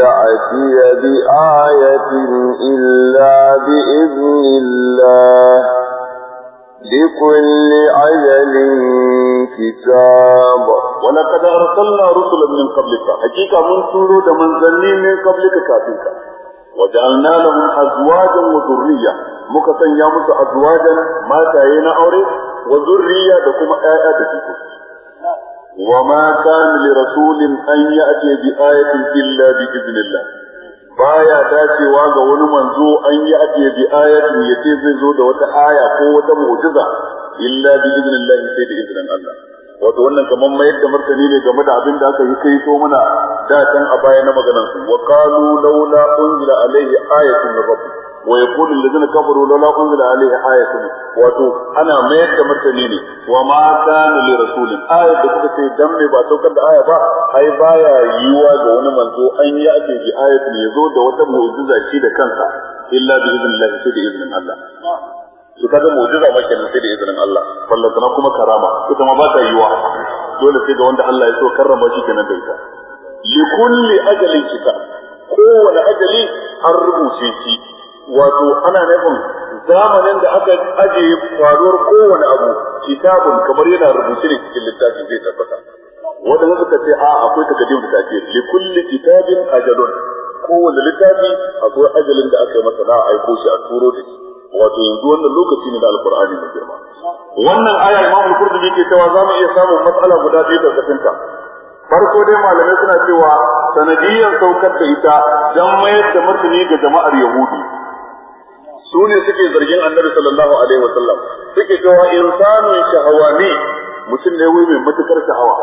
يأتي بآية إلا بإذن الله لكل أجل كتاب ولقد أرسلنا رسلا من قبلك حقيقة من سورة من من قبلك كافيك وجعلنا لهم أزواجا وذرية muka sanya musu azwajan mataye na aure wa zurriya da kuma ƴaƴa da jiko wa ma kana li rasulin an ya'ti bi ayatin illa bi idnillah baya dacewa ga wani manzo an ake bi ayatin yace zai zo da wata aya ko wata mu'jiza illa bi idnillah sai da izinin Allah wato wannan kamar mayar da martani ne game da abin da aka yi kai to mana da can a baya na maganar su wa qalu laula unzila alayhi ayatun rabbih wa yaqulu allazina kafaru lawla unzila alayhi ayatun wato ana mayar da martani ne wa ma kana li rasulin ayat da kuka ce dan me ba saukar da aya ba ai baya yiwa ga wani manzo an yi ake bi ayatun yazo da wata mu'jiza shi da kansa illa bi idnillah sai da idnin Allah to kaga mu'jiza ba kenan sai da izinin Allah ballantana kuma karama ita ma ba ta yiwa dole sai da wanda Allah ya so karrama shi kenan da ita li kulli ajalin kita kowane ajali an rubuce shi wato ana nufin zamanin da aka ajiye faruwar kowane abu kitabun kamar yana rubuce ne cikin littafi zai tabbata wadanda suka ce a akwai takaddim da take li kulli kitabin ajalun kowane littafi akwai ajalin da aka yi masa na aiko shi a turo da shi wato yanzu wannan lokaci ne da alkur'ani mai girma wannan aya imam al-qurtubi yake cewa mu iya samun matsala guda biyu da kafinta farko dai malamai suna cewa sanadiyyar saukar da ita don mayar da martani ga jama'ar yahudi su ne suke zargin annabi sallallahu alaihi wa sallam suke cewa insanu shahawani mutum ne wai mai matukar shahawa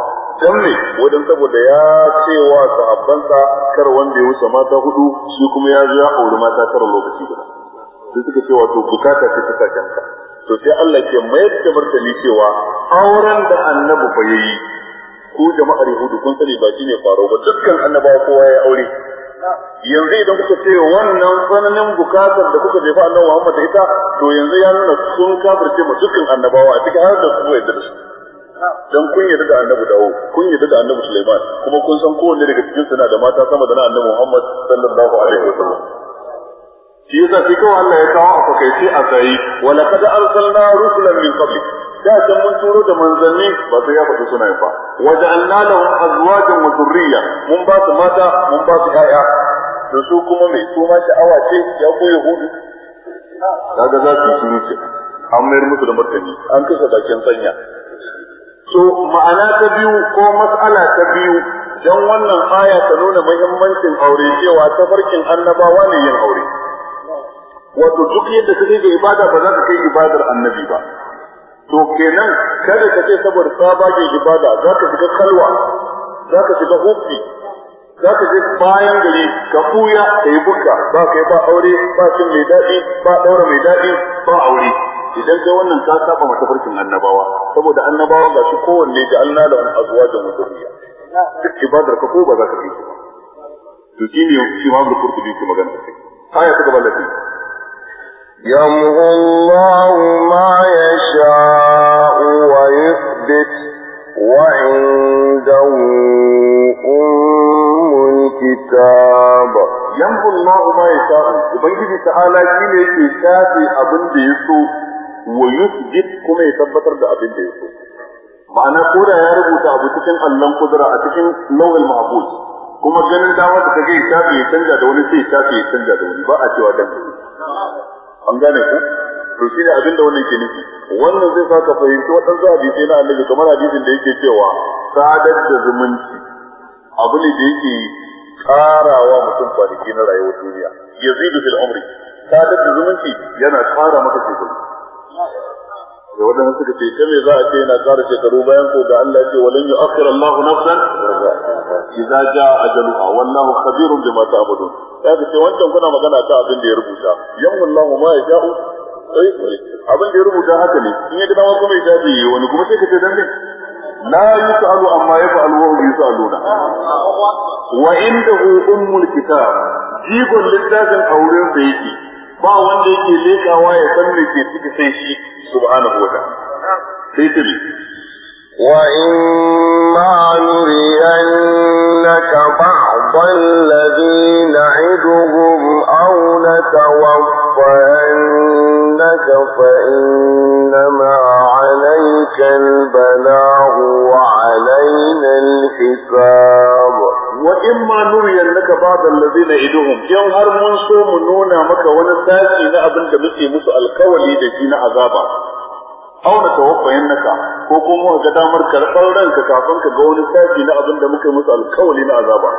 dan ne wadan saboda ya cewa sahabbansa kar wanda ya wuce mata hudu shi kuma ya zo ya auri mata tara lokaci guda Su suka ce wato bukata ta ta kanka to sai Allah ke mayar ta martani cewa auren da annabi fa yayi ku jama'ar yahudu kun sani ba shine faro ba dukkan annabawa kowa ya aure yanzu idan kuka ce wannan tsananin bukatar da kuka jefa wa Muhammad ita to yanzu ya nuna sun kafirce mu dukkan annabawa a cikin har da su yadda da su dan kun yarda da annabi dawo kun yarda da annabi Sulaiman kuma kun san kowanne daga cikin su na da mata sama da na annabi Muhammad sallallahu alaihi wasallam shi yasa sai kawai Allah ya kawo a fakaice a tsayi wa laqad arsalna rusulan min qablik da can mun turo da manzanni ba sai ya faɗi sunayen ba Waje lahum azwajan wa dhurriyya mun ba su mata mun ba su ƴaƴa to su kuma mai su ma sha'awa ce ya ko yahudu kaga za su yi shiru ce an mayar musu da martani an kashe bakin sanya so ma'ana ta biyu ko mas'ala ta biyu dan wannan aya ta nuna muhimmancin aure cewa tafarkin annabawa ne yin aure wato duk yadda kake ga ibada ba za ka kai ibadar annabi ba to kenan kada ka ce saboda sabagen ibada za ka shiga kalwa za ka shiga hufi za ka je bayan gari ka ɓuya ka yi buka ba ka yi ba aure ba cin mai daɗi ba ɗaura mai daɗi ba aure idan kai wannan ka saba mata farkin annabawa saboda annabawa ga su kowanne da Allah da azuwa da mutuniya duk ibadar ka ko ba za ka yi ba to shine Imam ku qurtubi ke magana sai aya ta gaba lafiya يمغو الله ما يشاء ويثبت وعنده أم الكتاب ya الله ما يشاء وبنجي تعالى كل كتابي أبن ديسو ويثبت كما ma'ana ko da ya rubuta abu cikin allon kudura a cikin nau'il mahfuz kuma ganin dama da kage ya tafi ya canja da wani sai ya tafi ya canja da wani ba a cewa dan an gane ku to shine abin da wannan ke nufi wannan zai sa ka fahimci waɗansu hadisai na annabi kamar hadisin da yake cewa sadar da zumunci abu ne da yake karawa mutum kwanaki na rayuwar duniya yazidu fil umri sadar da zumunci yana kara maka shekaru da wadanda suka ce kame za a ce yana ƙara shekaru bayan ko ga Allah ce walan yu akhir Allahu nafsan idza jaa ajaluha wallahu khabirun bima ta'malun ya ce wancan kuna magana ta abin da ya rubuta yamullahu ma yasha'u abin da ya rubuta haka ne in ya ga wasu kuma ya yi wani kuma sai ka ce dan Na la yus'alu amma yaf'alu wa hum yus'aluna wa indahu ummul kitab jigon littafin auren sa yake ba wanda yake lekawa ya san me ke ciki sai shi subhanahu wa ta'ala sai tabi wa in ma nuri annaka ba'd alladhina na'iduhum aw annaka fa inna ma 'alayka al balau wa 'alayna al-hisab imma nuriyannaka ba'd allazina iduhum yan har mun so mu nuna maka wani sashi na abin da muke musu alkawali da shi na azaba aw na tawaffayannaka ko kuma ga damar karɓar ranka kafin ka ga wani sashi na abin da muke musu alkawali na azaba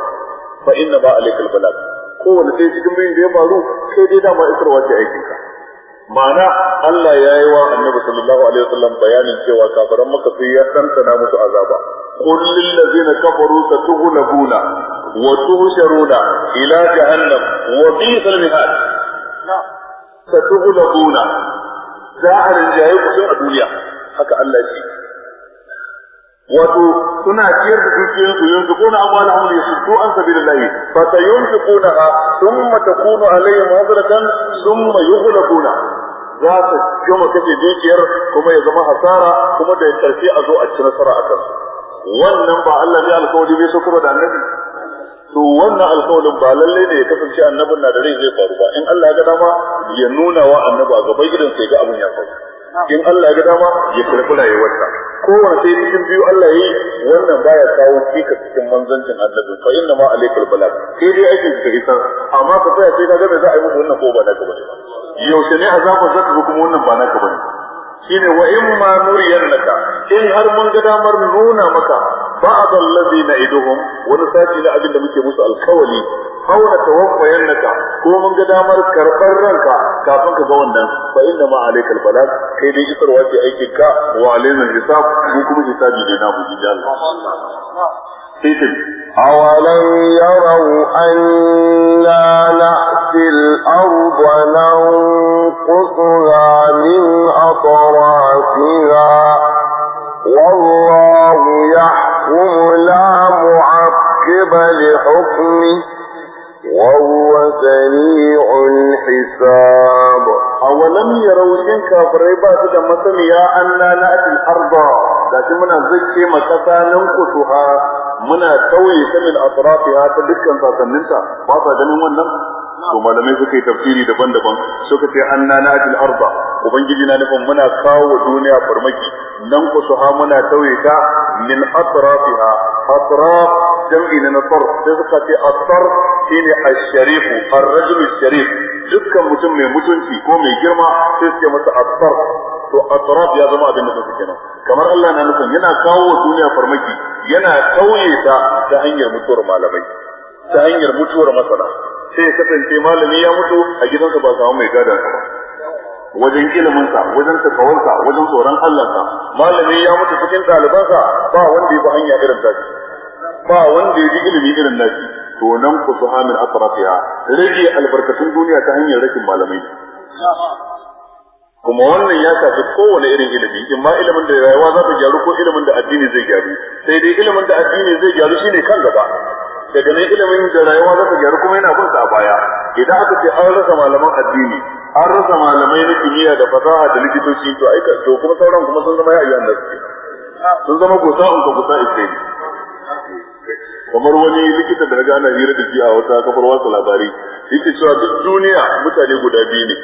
fa inna ba alaikal balag kowane sai cikin bayin da ya faru sai dai dama isarwa ce aikinka ma'ana Allah ya yi wa annabi sallallahu alaihi wasallam bayanin cewa kafiran maka sun ya tantana musu azaba qul lil ladzina kafaru satughlabuna wa tuhsharuna ila jahannam wa bi'sa al mihad satughlabuna za a rinjaye ku a duniya haka Allah ya ce wato suna ciyar da dukiyar su yanzu kuna amwala ya yasuddu an sabilillahi fa sayunfiquna thumma takunu alaihim hazratan thumma yughlaquna za su kuma kace dukiyar kuma ya zama hasara kuma da karshe a zo a ci nasara a kan. wannan ba Allah ya alkawari bai kuma da annabi to wannan alkawarin ba lalle ne ya kasance annabin na da rai zai faru ba in Allah ya ga dama ya nuna wa annabi a gaban gidan sai ga abin ya faru in Allah ya dama ya karɓi rayuwarsa kowane sai cikin biyu Allah yi wannan baya kawo cika cikin manzancin annabi fa inna ma alaikal balagh sai dai ake da isar amma ka tsaya sai ka ga me za a yi muku wannan ko ba naka bane yaushe ne azabar zaka ga wannan ba gaba ne? shine wa in ma nuriyannaka in har mun ga damar nuna maka ba'd allazi na'iduhum wani sashi na abin da muke musu alkawali haula tawaffayannaka ko mun ga damar karbar ranka kafin ka ga wannan fa inna ma alayka albalag kai dai isarwa ce aikin ka wa alayna hisab Ko kuma hisabi ne na mu jalla sai أولم يروا أنا نأتي الأرض ننقصها من أطرافها والله يحكم لا معقب لحكمه وهو سريع الحساب أولم يروا إن كافرين باتت مثل يا أنا نأتي الأرض لكن من الزكي مكتا ننقصها muna kauye ta min ta dukkan sasanninta ba sa ganin wannan to malamai suka yi tafsiri daban-daban suka ce anna na arba ubangiji na nufin muna kawo wa duniya farmaki nan ku su ha muna tauye ta min atrafiha atraf jam'i na nasar sai suka ce asar shine ash-sharif sharif dukkan mutum mai mutunci ko mai girma sai suke masa asfar to asraf ya zama abin da suke kenan kamar Allah na nufin yana kawo duniya farmaki yana kauye ta ta hanyar mutuwar malamai ta hanyar mutuwar masana sai kasance malami ya mutu a gidansa ba samu mai gada ba wajen iliminsa wajen takawarsa wajen tsoron allansa, malami ya mutu cikin ɗalibansa ba wanda ya bi hanya irin tashi ba wanda ya ji ilimi irin nashi to nan ku su hamil atrafiya rage albarkatun duniya ta hanyar rashin malamai kuma wannan ya shafi kowane irin ilimi in ma ilimin da rayuwa za ta gyaru ko ilimin da addini zai gyaru sai dai ilimin da addini zai gyaru shine kan gaba daga nan ilimin da rayuwa za ta gyaru kuma yana bin sa a baya idan aka ce an rasa malaman addini an rasa malamai na kimiyya da fasaha da likitoci to aika to kuma sauran kuma sun zama ya ayyuan nasu sun zama gusa in ka gusa isai kamar wani likita da ana hira da shi a wata kafar wasu labari yake cewa duk duniya mutane guda biyu ne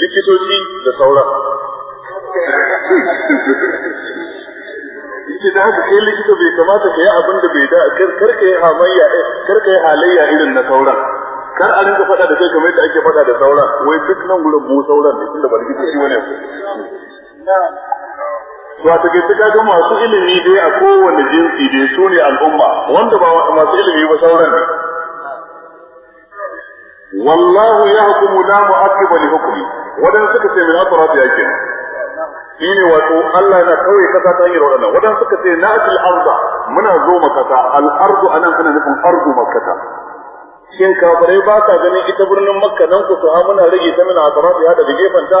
likitoci da sauran yake da haka kai likita bai kamata ka yi abin da bai da kar ka yi hamayya kar ka yi halayya irin na sauran kar a rinka faɗa da kai kamar yadda ake faɗa da sauran wai duk nan gurin mu sauran ne tunda ba likitoci wani wato ke take ga masu ilimi dai a kowane jinsi dai su ne al'umma wanda ba masu ilimi ba sauran ne wallahu ya da mu akiba li hukmi wadan suka ce min atrat yake ne wato Allah yana kawai kasa ta hanyar wadannan wadan suka ce na'til arda muna zo makata al ardu anan kana nufin ardu makata shin kafirai ba sa ganin ita birnin makka nan ku to ha muna rage ta min atrat ya da gefanta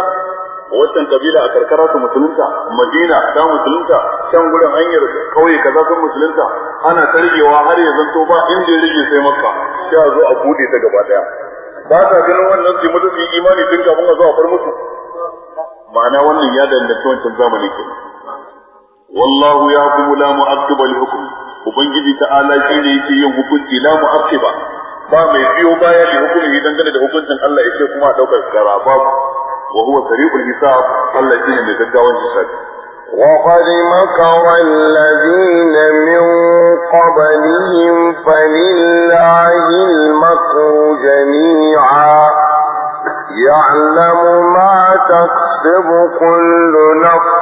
wancan kabila a karkara su musulunta madina ta musulunta can gurin hanyar kauye kaza sun musulunta ana tarjewa har ya zanto ba inda ya rage sai makka sai a zo a bude ta gaba daya ba ta ganin wannan su mutu su yi imani tun kafin a zo a far musu ma'ana wannan ya danganci wancan zamani ke wallahu ya hukumu la mu'aqqiba li hukm ubangiji ta'ala ne yake yin hukunci la mu'aqqiba ba mai biyo baya da hukumi dangane da hukuncin Allah yake kuma daukar kara وهو سريع الحساب صلى فيهم من جدعون وقد مكر الذين من قبلهم فلله المكر جميعا يعلم ما تكسب كل نفس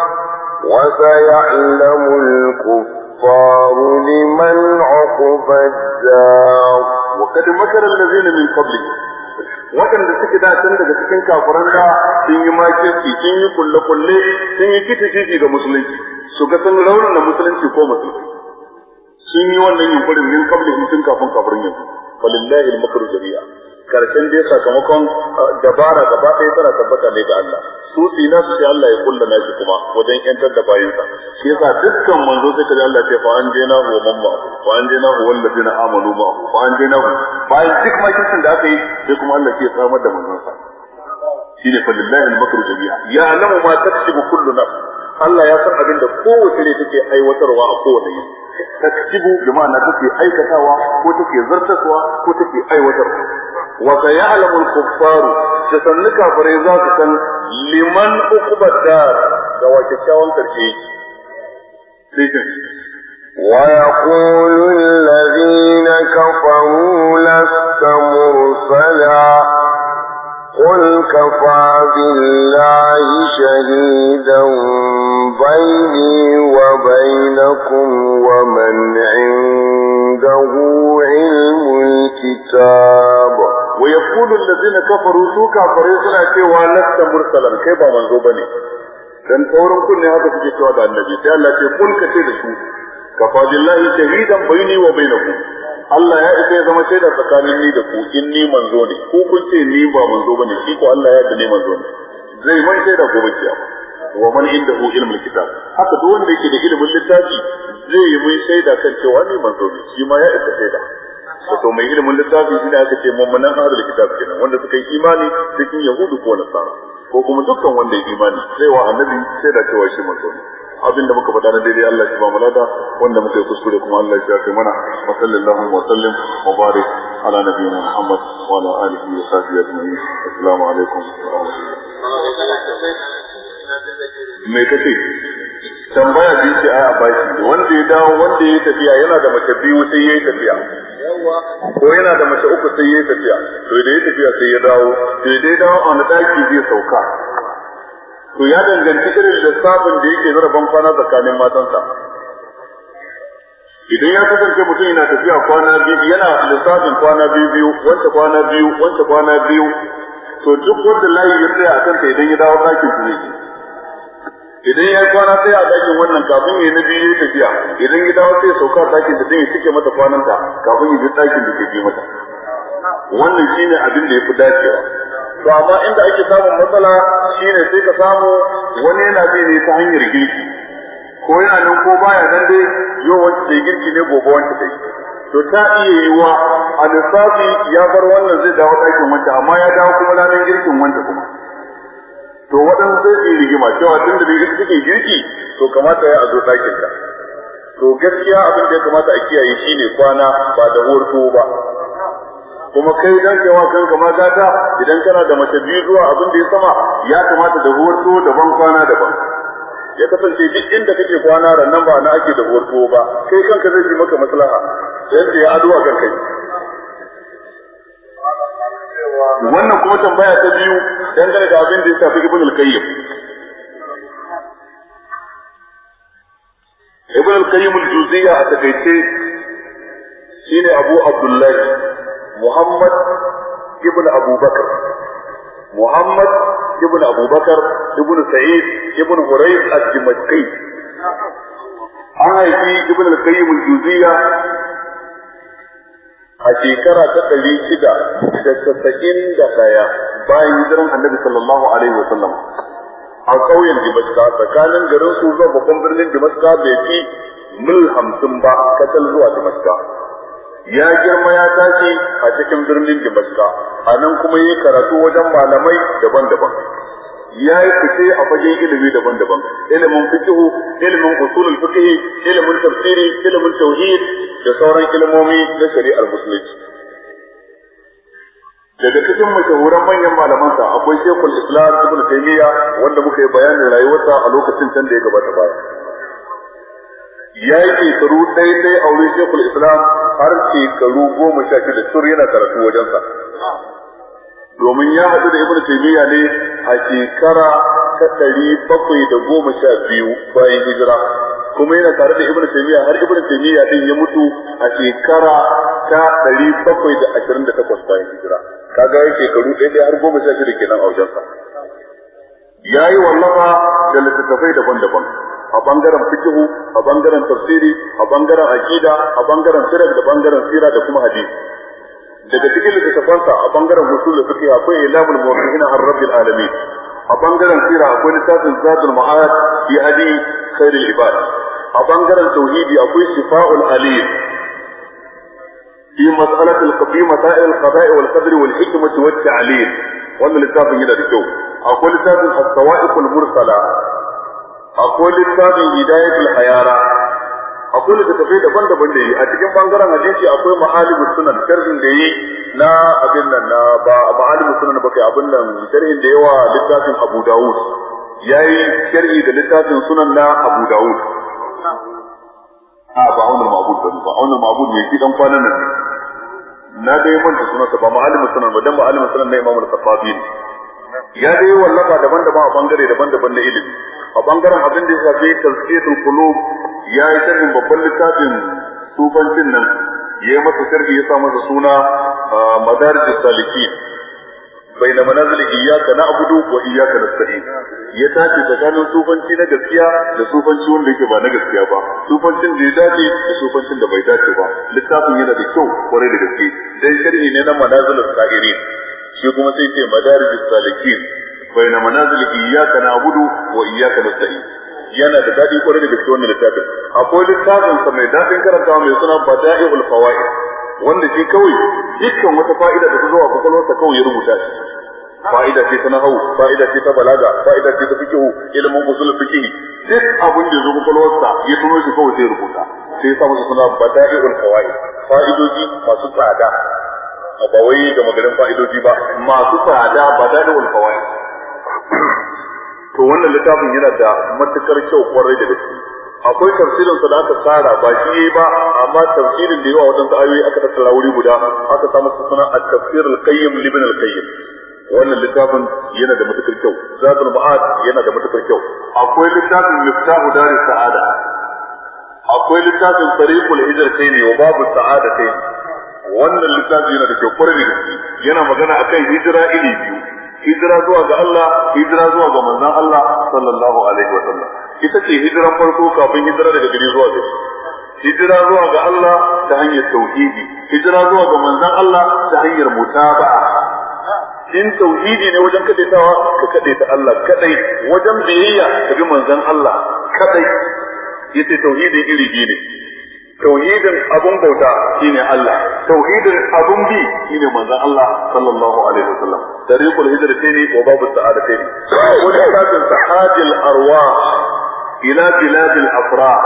وسيعلم الكفار لمن عقب الدار وقد مكر الذين من قبلهم waɗanda suke da tun daga cikin kafiran da sun yi makirci sun yi kulle-kulle sun yi kiti ga musulunci su ga sun raunin musulunci ko musulunci sun yi wannan yunkurin min kabli in tun kafin kafirin yanzu walillahi al-makru jami'a karshen dai sakamakon dabara gaba ɗaya tana tabbata ne ga Allah su tsina su sai Allah ya kulla nashi kuma wajen yantar da bayinsa shi yasa dukkan manzo sai kaji Allah ce fa an je na huwa mamma fa an je na huwa alladina amanu ma fa an je na bayan duk makincin da aka yi sai kuma Allah ke samar da manzon sa shine fa lillahi al-makru jami'a ya alamu ma taksibu kullu nafs Allah ya san abin da kowace ne take aiwatarwa a kowane yi taktibu bi ma'ana take aikatawa ko take zartaswa ko take aiwatarwa wa ya'lamu al-kuffaru ta sannu kafirai za su san liman uqbat dar da wace kyakkyawan karshe ويقول الذين كفروا لست مرسلا قل كفى بالله شهيدا بيني وبينكم ومن عنده علم الكتاب ويقول الذين كفروا سوكا فريسنا كيوا لست مرسلا كيبا من زوبني dan sauran kunne haka suke cewa da annabi sai Allah ce kun kace da su kafa shahidan wa bainakum Allah ya isa ya zama shaida tsakanin ni da ku in ni manzo ne ku kun ce ni ba manzo bane shi ko Allah ya yarda ni manzo ne zai mun shaida gobe kiyama wa man hu ilmul kitab haka duk wanda yake da ilimin littafi zai yi mun shaida kan cewa ni manzo ne shi ma ya isa shaida to mai ilimin littafi shi ne aka ce mummunan ahlul kitab kenan wanda suka yi imani cikin yahudu ko nasara ko kuma dukkan wanda ya imani sai wa annabi sai da cewa shi manzo ne abin da muka faɗa na daidai Allah shi ba mu lada wanda muka yi kuskure kuma Allah shi ya kai mana wa sallallahu wa sallim wa barik ala nabiyina Muhammad wa ala alihi wa sahbihi ajma'in assalamu alaikum wa rahmatullahi me kace tambaya bi ce a baki wanda ya dawo wanda ya tafiya yana da mace biyu sai yayi tafiya ko yana da mace uku sai yayi tafiya to da ya tafiya sai ya dawo to da ya dawo a wani daki zai sauka to ya danganci irin lissafin da yake zarafin kwana tsakanin matansa idan ya kasance mutum yana tafiya kwana biyu yana lissafin kwana biyu biyu wanda kwana biyu wanda kwana biyu to duk wanda layi ya tsaya a kanta idan ya dawo ɗakin su ne idan ya kwana tsaya a ɗakin wannan kafin ya na biyu ya tafiya idan ya dawo sai sauka ɗakin da zai cike mata kwananta kafin ya bi ɗakin da ke bi mata wannan shine abin da ya fi dacewa to amma inda ake samun matsala shine sai ka samu wani yana bi ne ta hanyar girki ko yana nan ko baya nan dai yau wanda da girki ne gobe wanda da to ta iya yi wa a lissafi ya bar wannan zai dawo ɗakin wanda amma ya dawo kuma ranar girkin wanda kuma to waɗansu zai iya yi rigima cewa tun da bai suke girki to kamata ya a zo ɗakin ka to gaskiya abin da ya kamata a kiyaye shine kwana ba da horto ba kuma kai dan cewa kan ma gata idan kana da mace biyu zuwa abin da ya sama ya kamata da huwarto daban kwana daban ya kasance duk inda kake kwana rannan ba na ake da huwarto ba kai kanka zai yi maka maslaha da ya addu'a kan kai wannan kuma tambaya ta biyu dangane da abin da ya tafi ibn al-qayyim ibn al-qayyim al-juziyya a takaice shine abu abdullahi Muhammad ibn Abubakar Muhammad ibn Abubakar ibn Sa'id ibn Hurayr al-Dimashqi an haifi ibn al-Qayyim al-Juziyya a shekara ta ɗari shida da tasa'in da ɗaya bayan hijiran annabi sallallahu alaihi wa sallam a ƙauyen Dimashqa tsakanin garin su zuwa babban birnin Dimashqa bai fi mil hamsin ba kacal zuwa Dimashqa ya girma ya tashi a cikin birnin Damascus a nan kuma yi karatu wajen malamai daban-daban ya yi fice a fagen ilimi daban-daban ilimin fiqhu ilimin usulul fiqh ilimin tafsiri ilimin tauhid da sauran ilimomi na shari'ar musulunci daga cikin mashahuran manyan malamansa akwai shekul islam ibn taymiya wanda muka yi bayanin rayuwarsa a lokacin can da ya gabata baya ya yi shekaru ɗaiɗai a wurin shekul islam har shekaru goma sha shida tur yana karatu wajensa domin ya haɗu da ibn taymiya ne a shekara ta ɗari bakwai da goma sha biyu bayan hijira kuma yana tare da ibn taymiya har ibn taymiya din ya mutu a shekara ta ɗari bakwai da ashirin da takwas bayan hijira kaga ya shekaru ɗaiɗai har goma sha shida kenan a wajensa ya yi wallafa da littattafai daban-daban a bangaren fikihu a bangaren tafsiri a bangaren aqida a bangaren sirar da bangaren sira da kuma hadisi daga cikin littafansa a bangaren usul fiqh akwai ilamul muwaqqi'in har rabbil alamin a bangaren sira akwai littafin zadul ma'ad fi hadi khairul ibad a bangaren tauhidi akwai shifa'ul alim في مسألة في مسائل القضاء والقدر والحكمة والتعليل وأن لسافة هنا الجو أقول لسافة السوائق المرسلة akwai littafin hidayatul hayara akwai littattafai daban-daban da yi a cikin bangaren hadisi akwai ma'alibus sunan sharhin da yi na abin nan na ba ma'alibus sunan ba kai abin nan sharhin da yawa littafin Abu Dawud yayi sharhi da littafin sunan na Abu Dawud a ah, ba aunar ma'bud ba ba aunar ma'bud ne shi dan kwanan nan na dai manta sunansa ba ma'alibus sunan ba dan ma'alibus sunan na Imam al-Qasabi ya dai wallafa daban-daban a bangare daban-daban na ilimi a bangaren abin da ya shafi ta qulub ya yi sharhin babban littafin sufancin nan ya yi masa sharhi ya sa masa suna saliki. Bai na madarij iyaka na abudu ko iyaka na نستعين ya tafi tsakanin sufanci na gaskiya da sufanci wanda yake ba na gaskiya ba sufancin da ya dace da sufancin da bai dace ba littafin yana da kyau kwarai da gaske dan sharhi ne na manazil sa'irin sai kuma sai ce madarij salikin bayna manazil iyyaka na'budu wa iyyaka nasta'in yana da dadi kwarai da gaske wannan littafin akwai littafin sa mai dadin karantawa mai suna bada'iul fawaid wanda shi kawai dukkan wata fa'ida da ta zo a kwakwalwarsa kawai ya rubuta shi fa'ida ce ta nahawu fa'ida ce ta balaga fa'ida ce ta fikihu ilimin usul fikihi duk abin da ya zo kwakwalwarsa ya tuno shi kawai sai rubuta sai ya sa masa suna bada'iul fawaid fa'idoji masu tsada ba wai ga magarin fa'idoji ba masu tsada ba da wal fawaid to wannan littafin yana da matukar kyau kwarai da gaske akwai tafsirin sa da aka tsara ba shi ba amma tafsirin da yawa wajen ayoyi aka tattara wuri guda aka samu suna at-tafsir al-qayyim libn al-qayyim wannan littafin yana da matukar kyau zadul ma'ad yana da matukar kyau akwai littafin miftahu daris sa'ada akwai littafin tariqul hijr kai ne wa babu sa'ada kai wannan littafi yana da kyau kwarai da gaske yana magana akan hijira iri biyu hijira zuwa ga Allah hijira zuwa ga manzon Allah sallallahu alaihi wa sallam ita ce hijiran farko kafin hijira daga gari zuwa gari hijira zuwa ga Allah ta hanyar tauhidi hijira zuwa ga manzon Allah ta hanyar mutaba'a in tauhidi ne wajen kadaitawa ka kadaita Allah kadai wajen biyayya ka bi manzon Allah kadai yace tauhidi iri biyu ne tauhidin abun bauta shine Allah tauhidin abun bi shine manzon Allah sallallahu alaihi wasallam tariqul hijratayn wa babu sa'adatayn wani kitabin sahadil arwah ila biladil afrah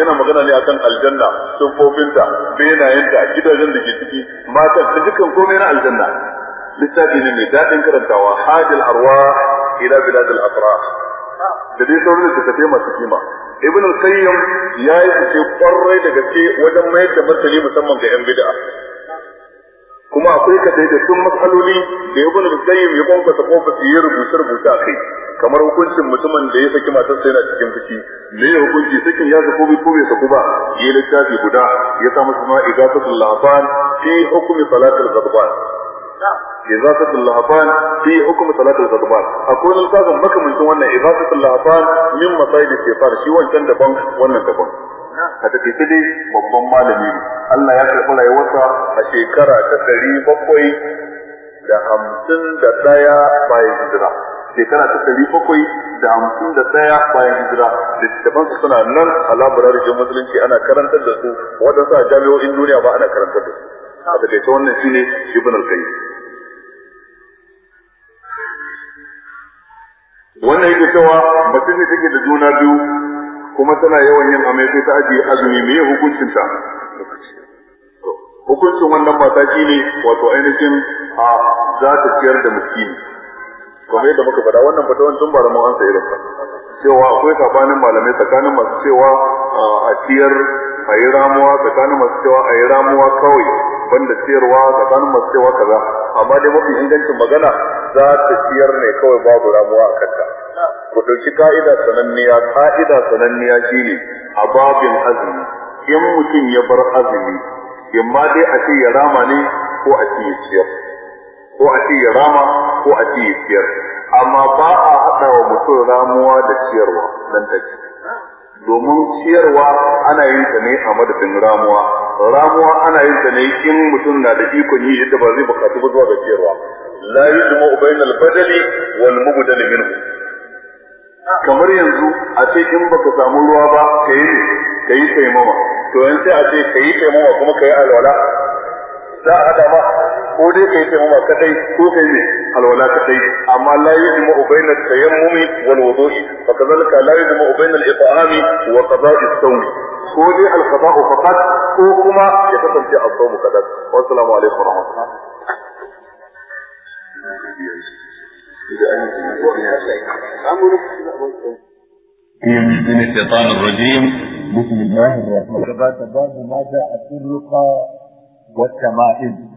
yana magana ne akan aljanna sufofinta benayenta gidajen da ke ciki matan da dukkan komai na aljanna littafi ne mai daɗin karantawa hajil arwah ila biladil afrah da dai sauran da masu kima ibn al-qayyim ya yi fice kwarai da gaske wajen mayar da martani musamman ga yan bid'a kuma akwai ka da sun matsaloli da ibn al-qayyim ya kwankwasa kofar ya rubuce rubuce a kai kamar hukuncin mutumin da ya saki sai na cikin fiki me ya hukunci sakin ya sako bai ko bai saku ba ya littafi guda ya samu suna igasatul lafan fi hukumi salatul ghadban إغاثة اللهفان Akwai حكم صلاة maka أقول القاسم مكة من تولى min اللهفان من مصايد الشيطان شيوان كان دبان وانا دبان a take su babban malami Allah ya karɓi rayuwarsa a shekara ta ɗari bakwai da hamsin da ɗaya bayan hijira shekara ta ɗari bakwai da hamsin da ɗaya bayan hijira littattafansu suna nan a labararin musulunci ana karantar da su waɗansu a jami'o'in duniya ba ana karantar da su a da ta wannan shi ne ibn al-qayyim wannan yake cewa mace ne take da juna biyu kuma tana yawan yin amai sai ta ajiye azumi me hukuncin ta hukuncin wannan mata ne wato ainihin a za ta ciyar da miskini kamar yadda muka faɗa wannan fata wancan ba da mu an sai irin cewa akwai kafanin malamai tsakanin masu cewa a ciyar a yi ramuwa tsakanin masu cewa a yi ramuwa kawai da ciyarwa tsakanin masu cewa kaza amma dai mafi ingancin magana za ta ciyar ne kawai babu ramuwa a kanta ku ɗauki ka'ida sananniya ka'ida sananniya shine a babin azumi in mutum ya bar azumi in ma dai a ce ya rama ne ko a ce ya ciyar ko a ce ya rama ko a ce ya amma ba a haɗa wa mutum ramuwa da ciyarwa nan take domin ciyarwa ana yin ta ne a madadin ramuwa ramuwa ana yin ta ne in mutum na da ikon yi yadda ba zai bukatu ba zuwa ga ciyarwa la yujma'u al badali wal mubdal minhu kamar yanzu a ce in baka samu ruwa ba ka yi taimama to yanzu a ce ka yi taimama kuma ka yi alwala za a hada ma ko dai kai taimama kadai ko kai ne alwala kadai amma la yajma bayna tayammumi wal wudu'i fa kadhalika la yajma bayna al-it'ami wa qada'i as-sawm ko dai al-qada'u faqat ko kuma ya kasance as-sawm kadai wa assalamu alaikum wa rahmatullah من الشيطان الرجيم بسم الله الرحمن الرحيم باب ما جاء في الرقى والتمائم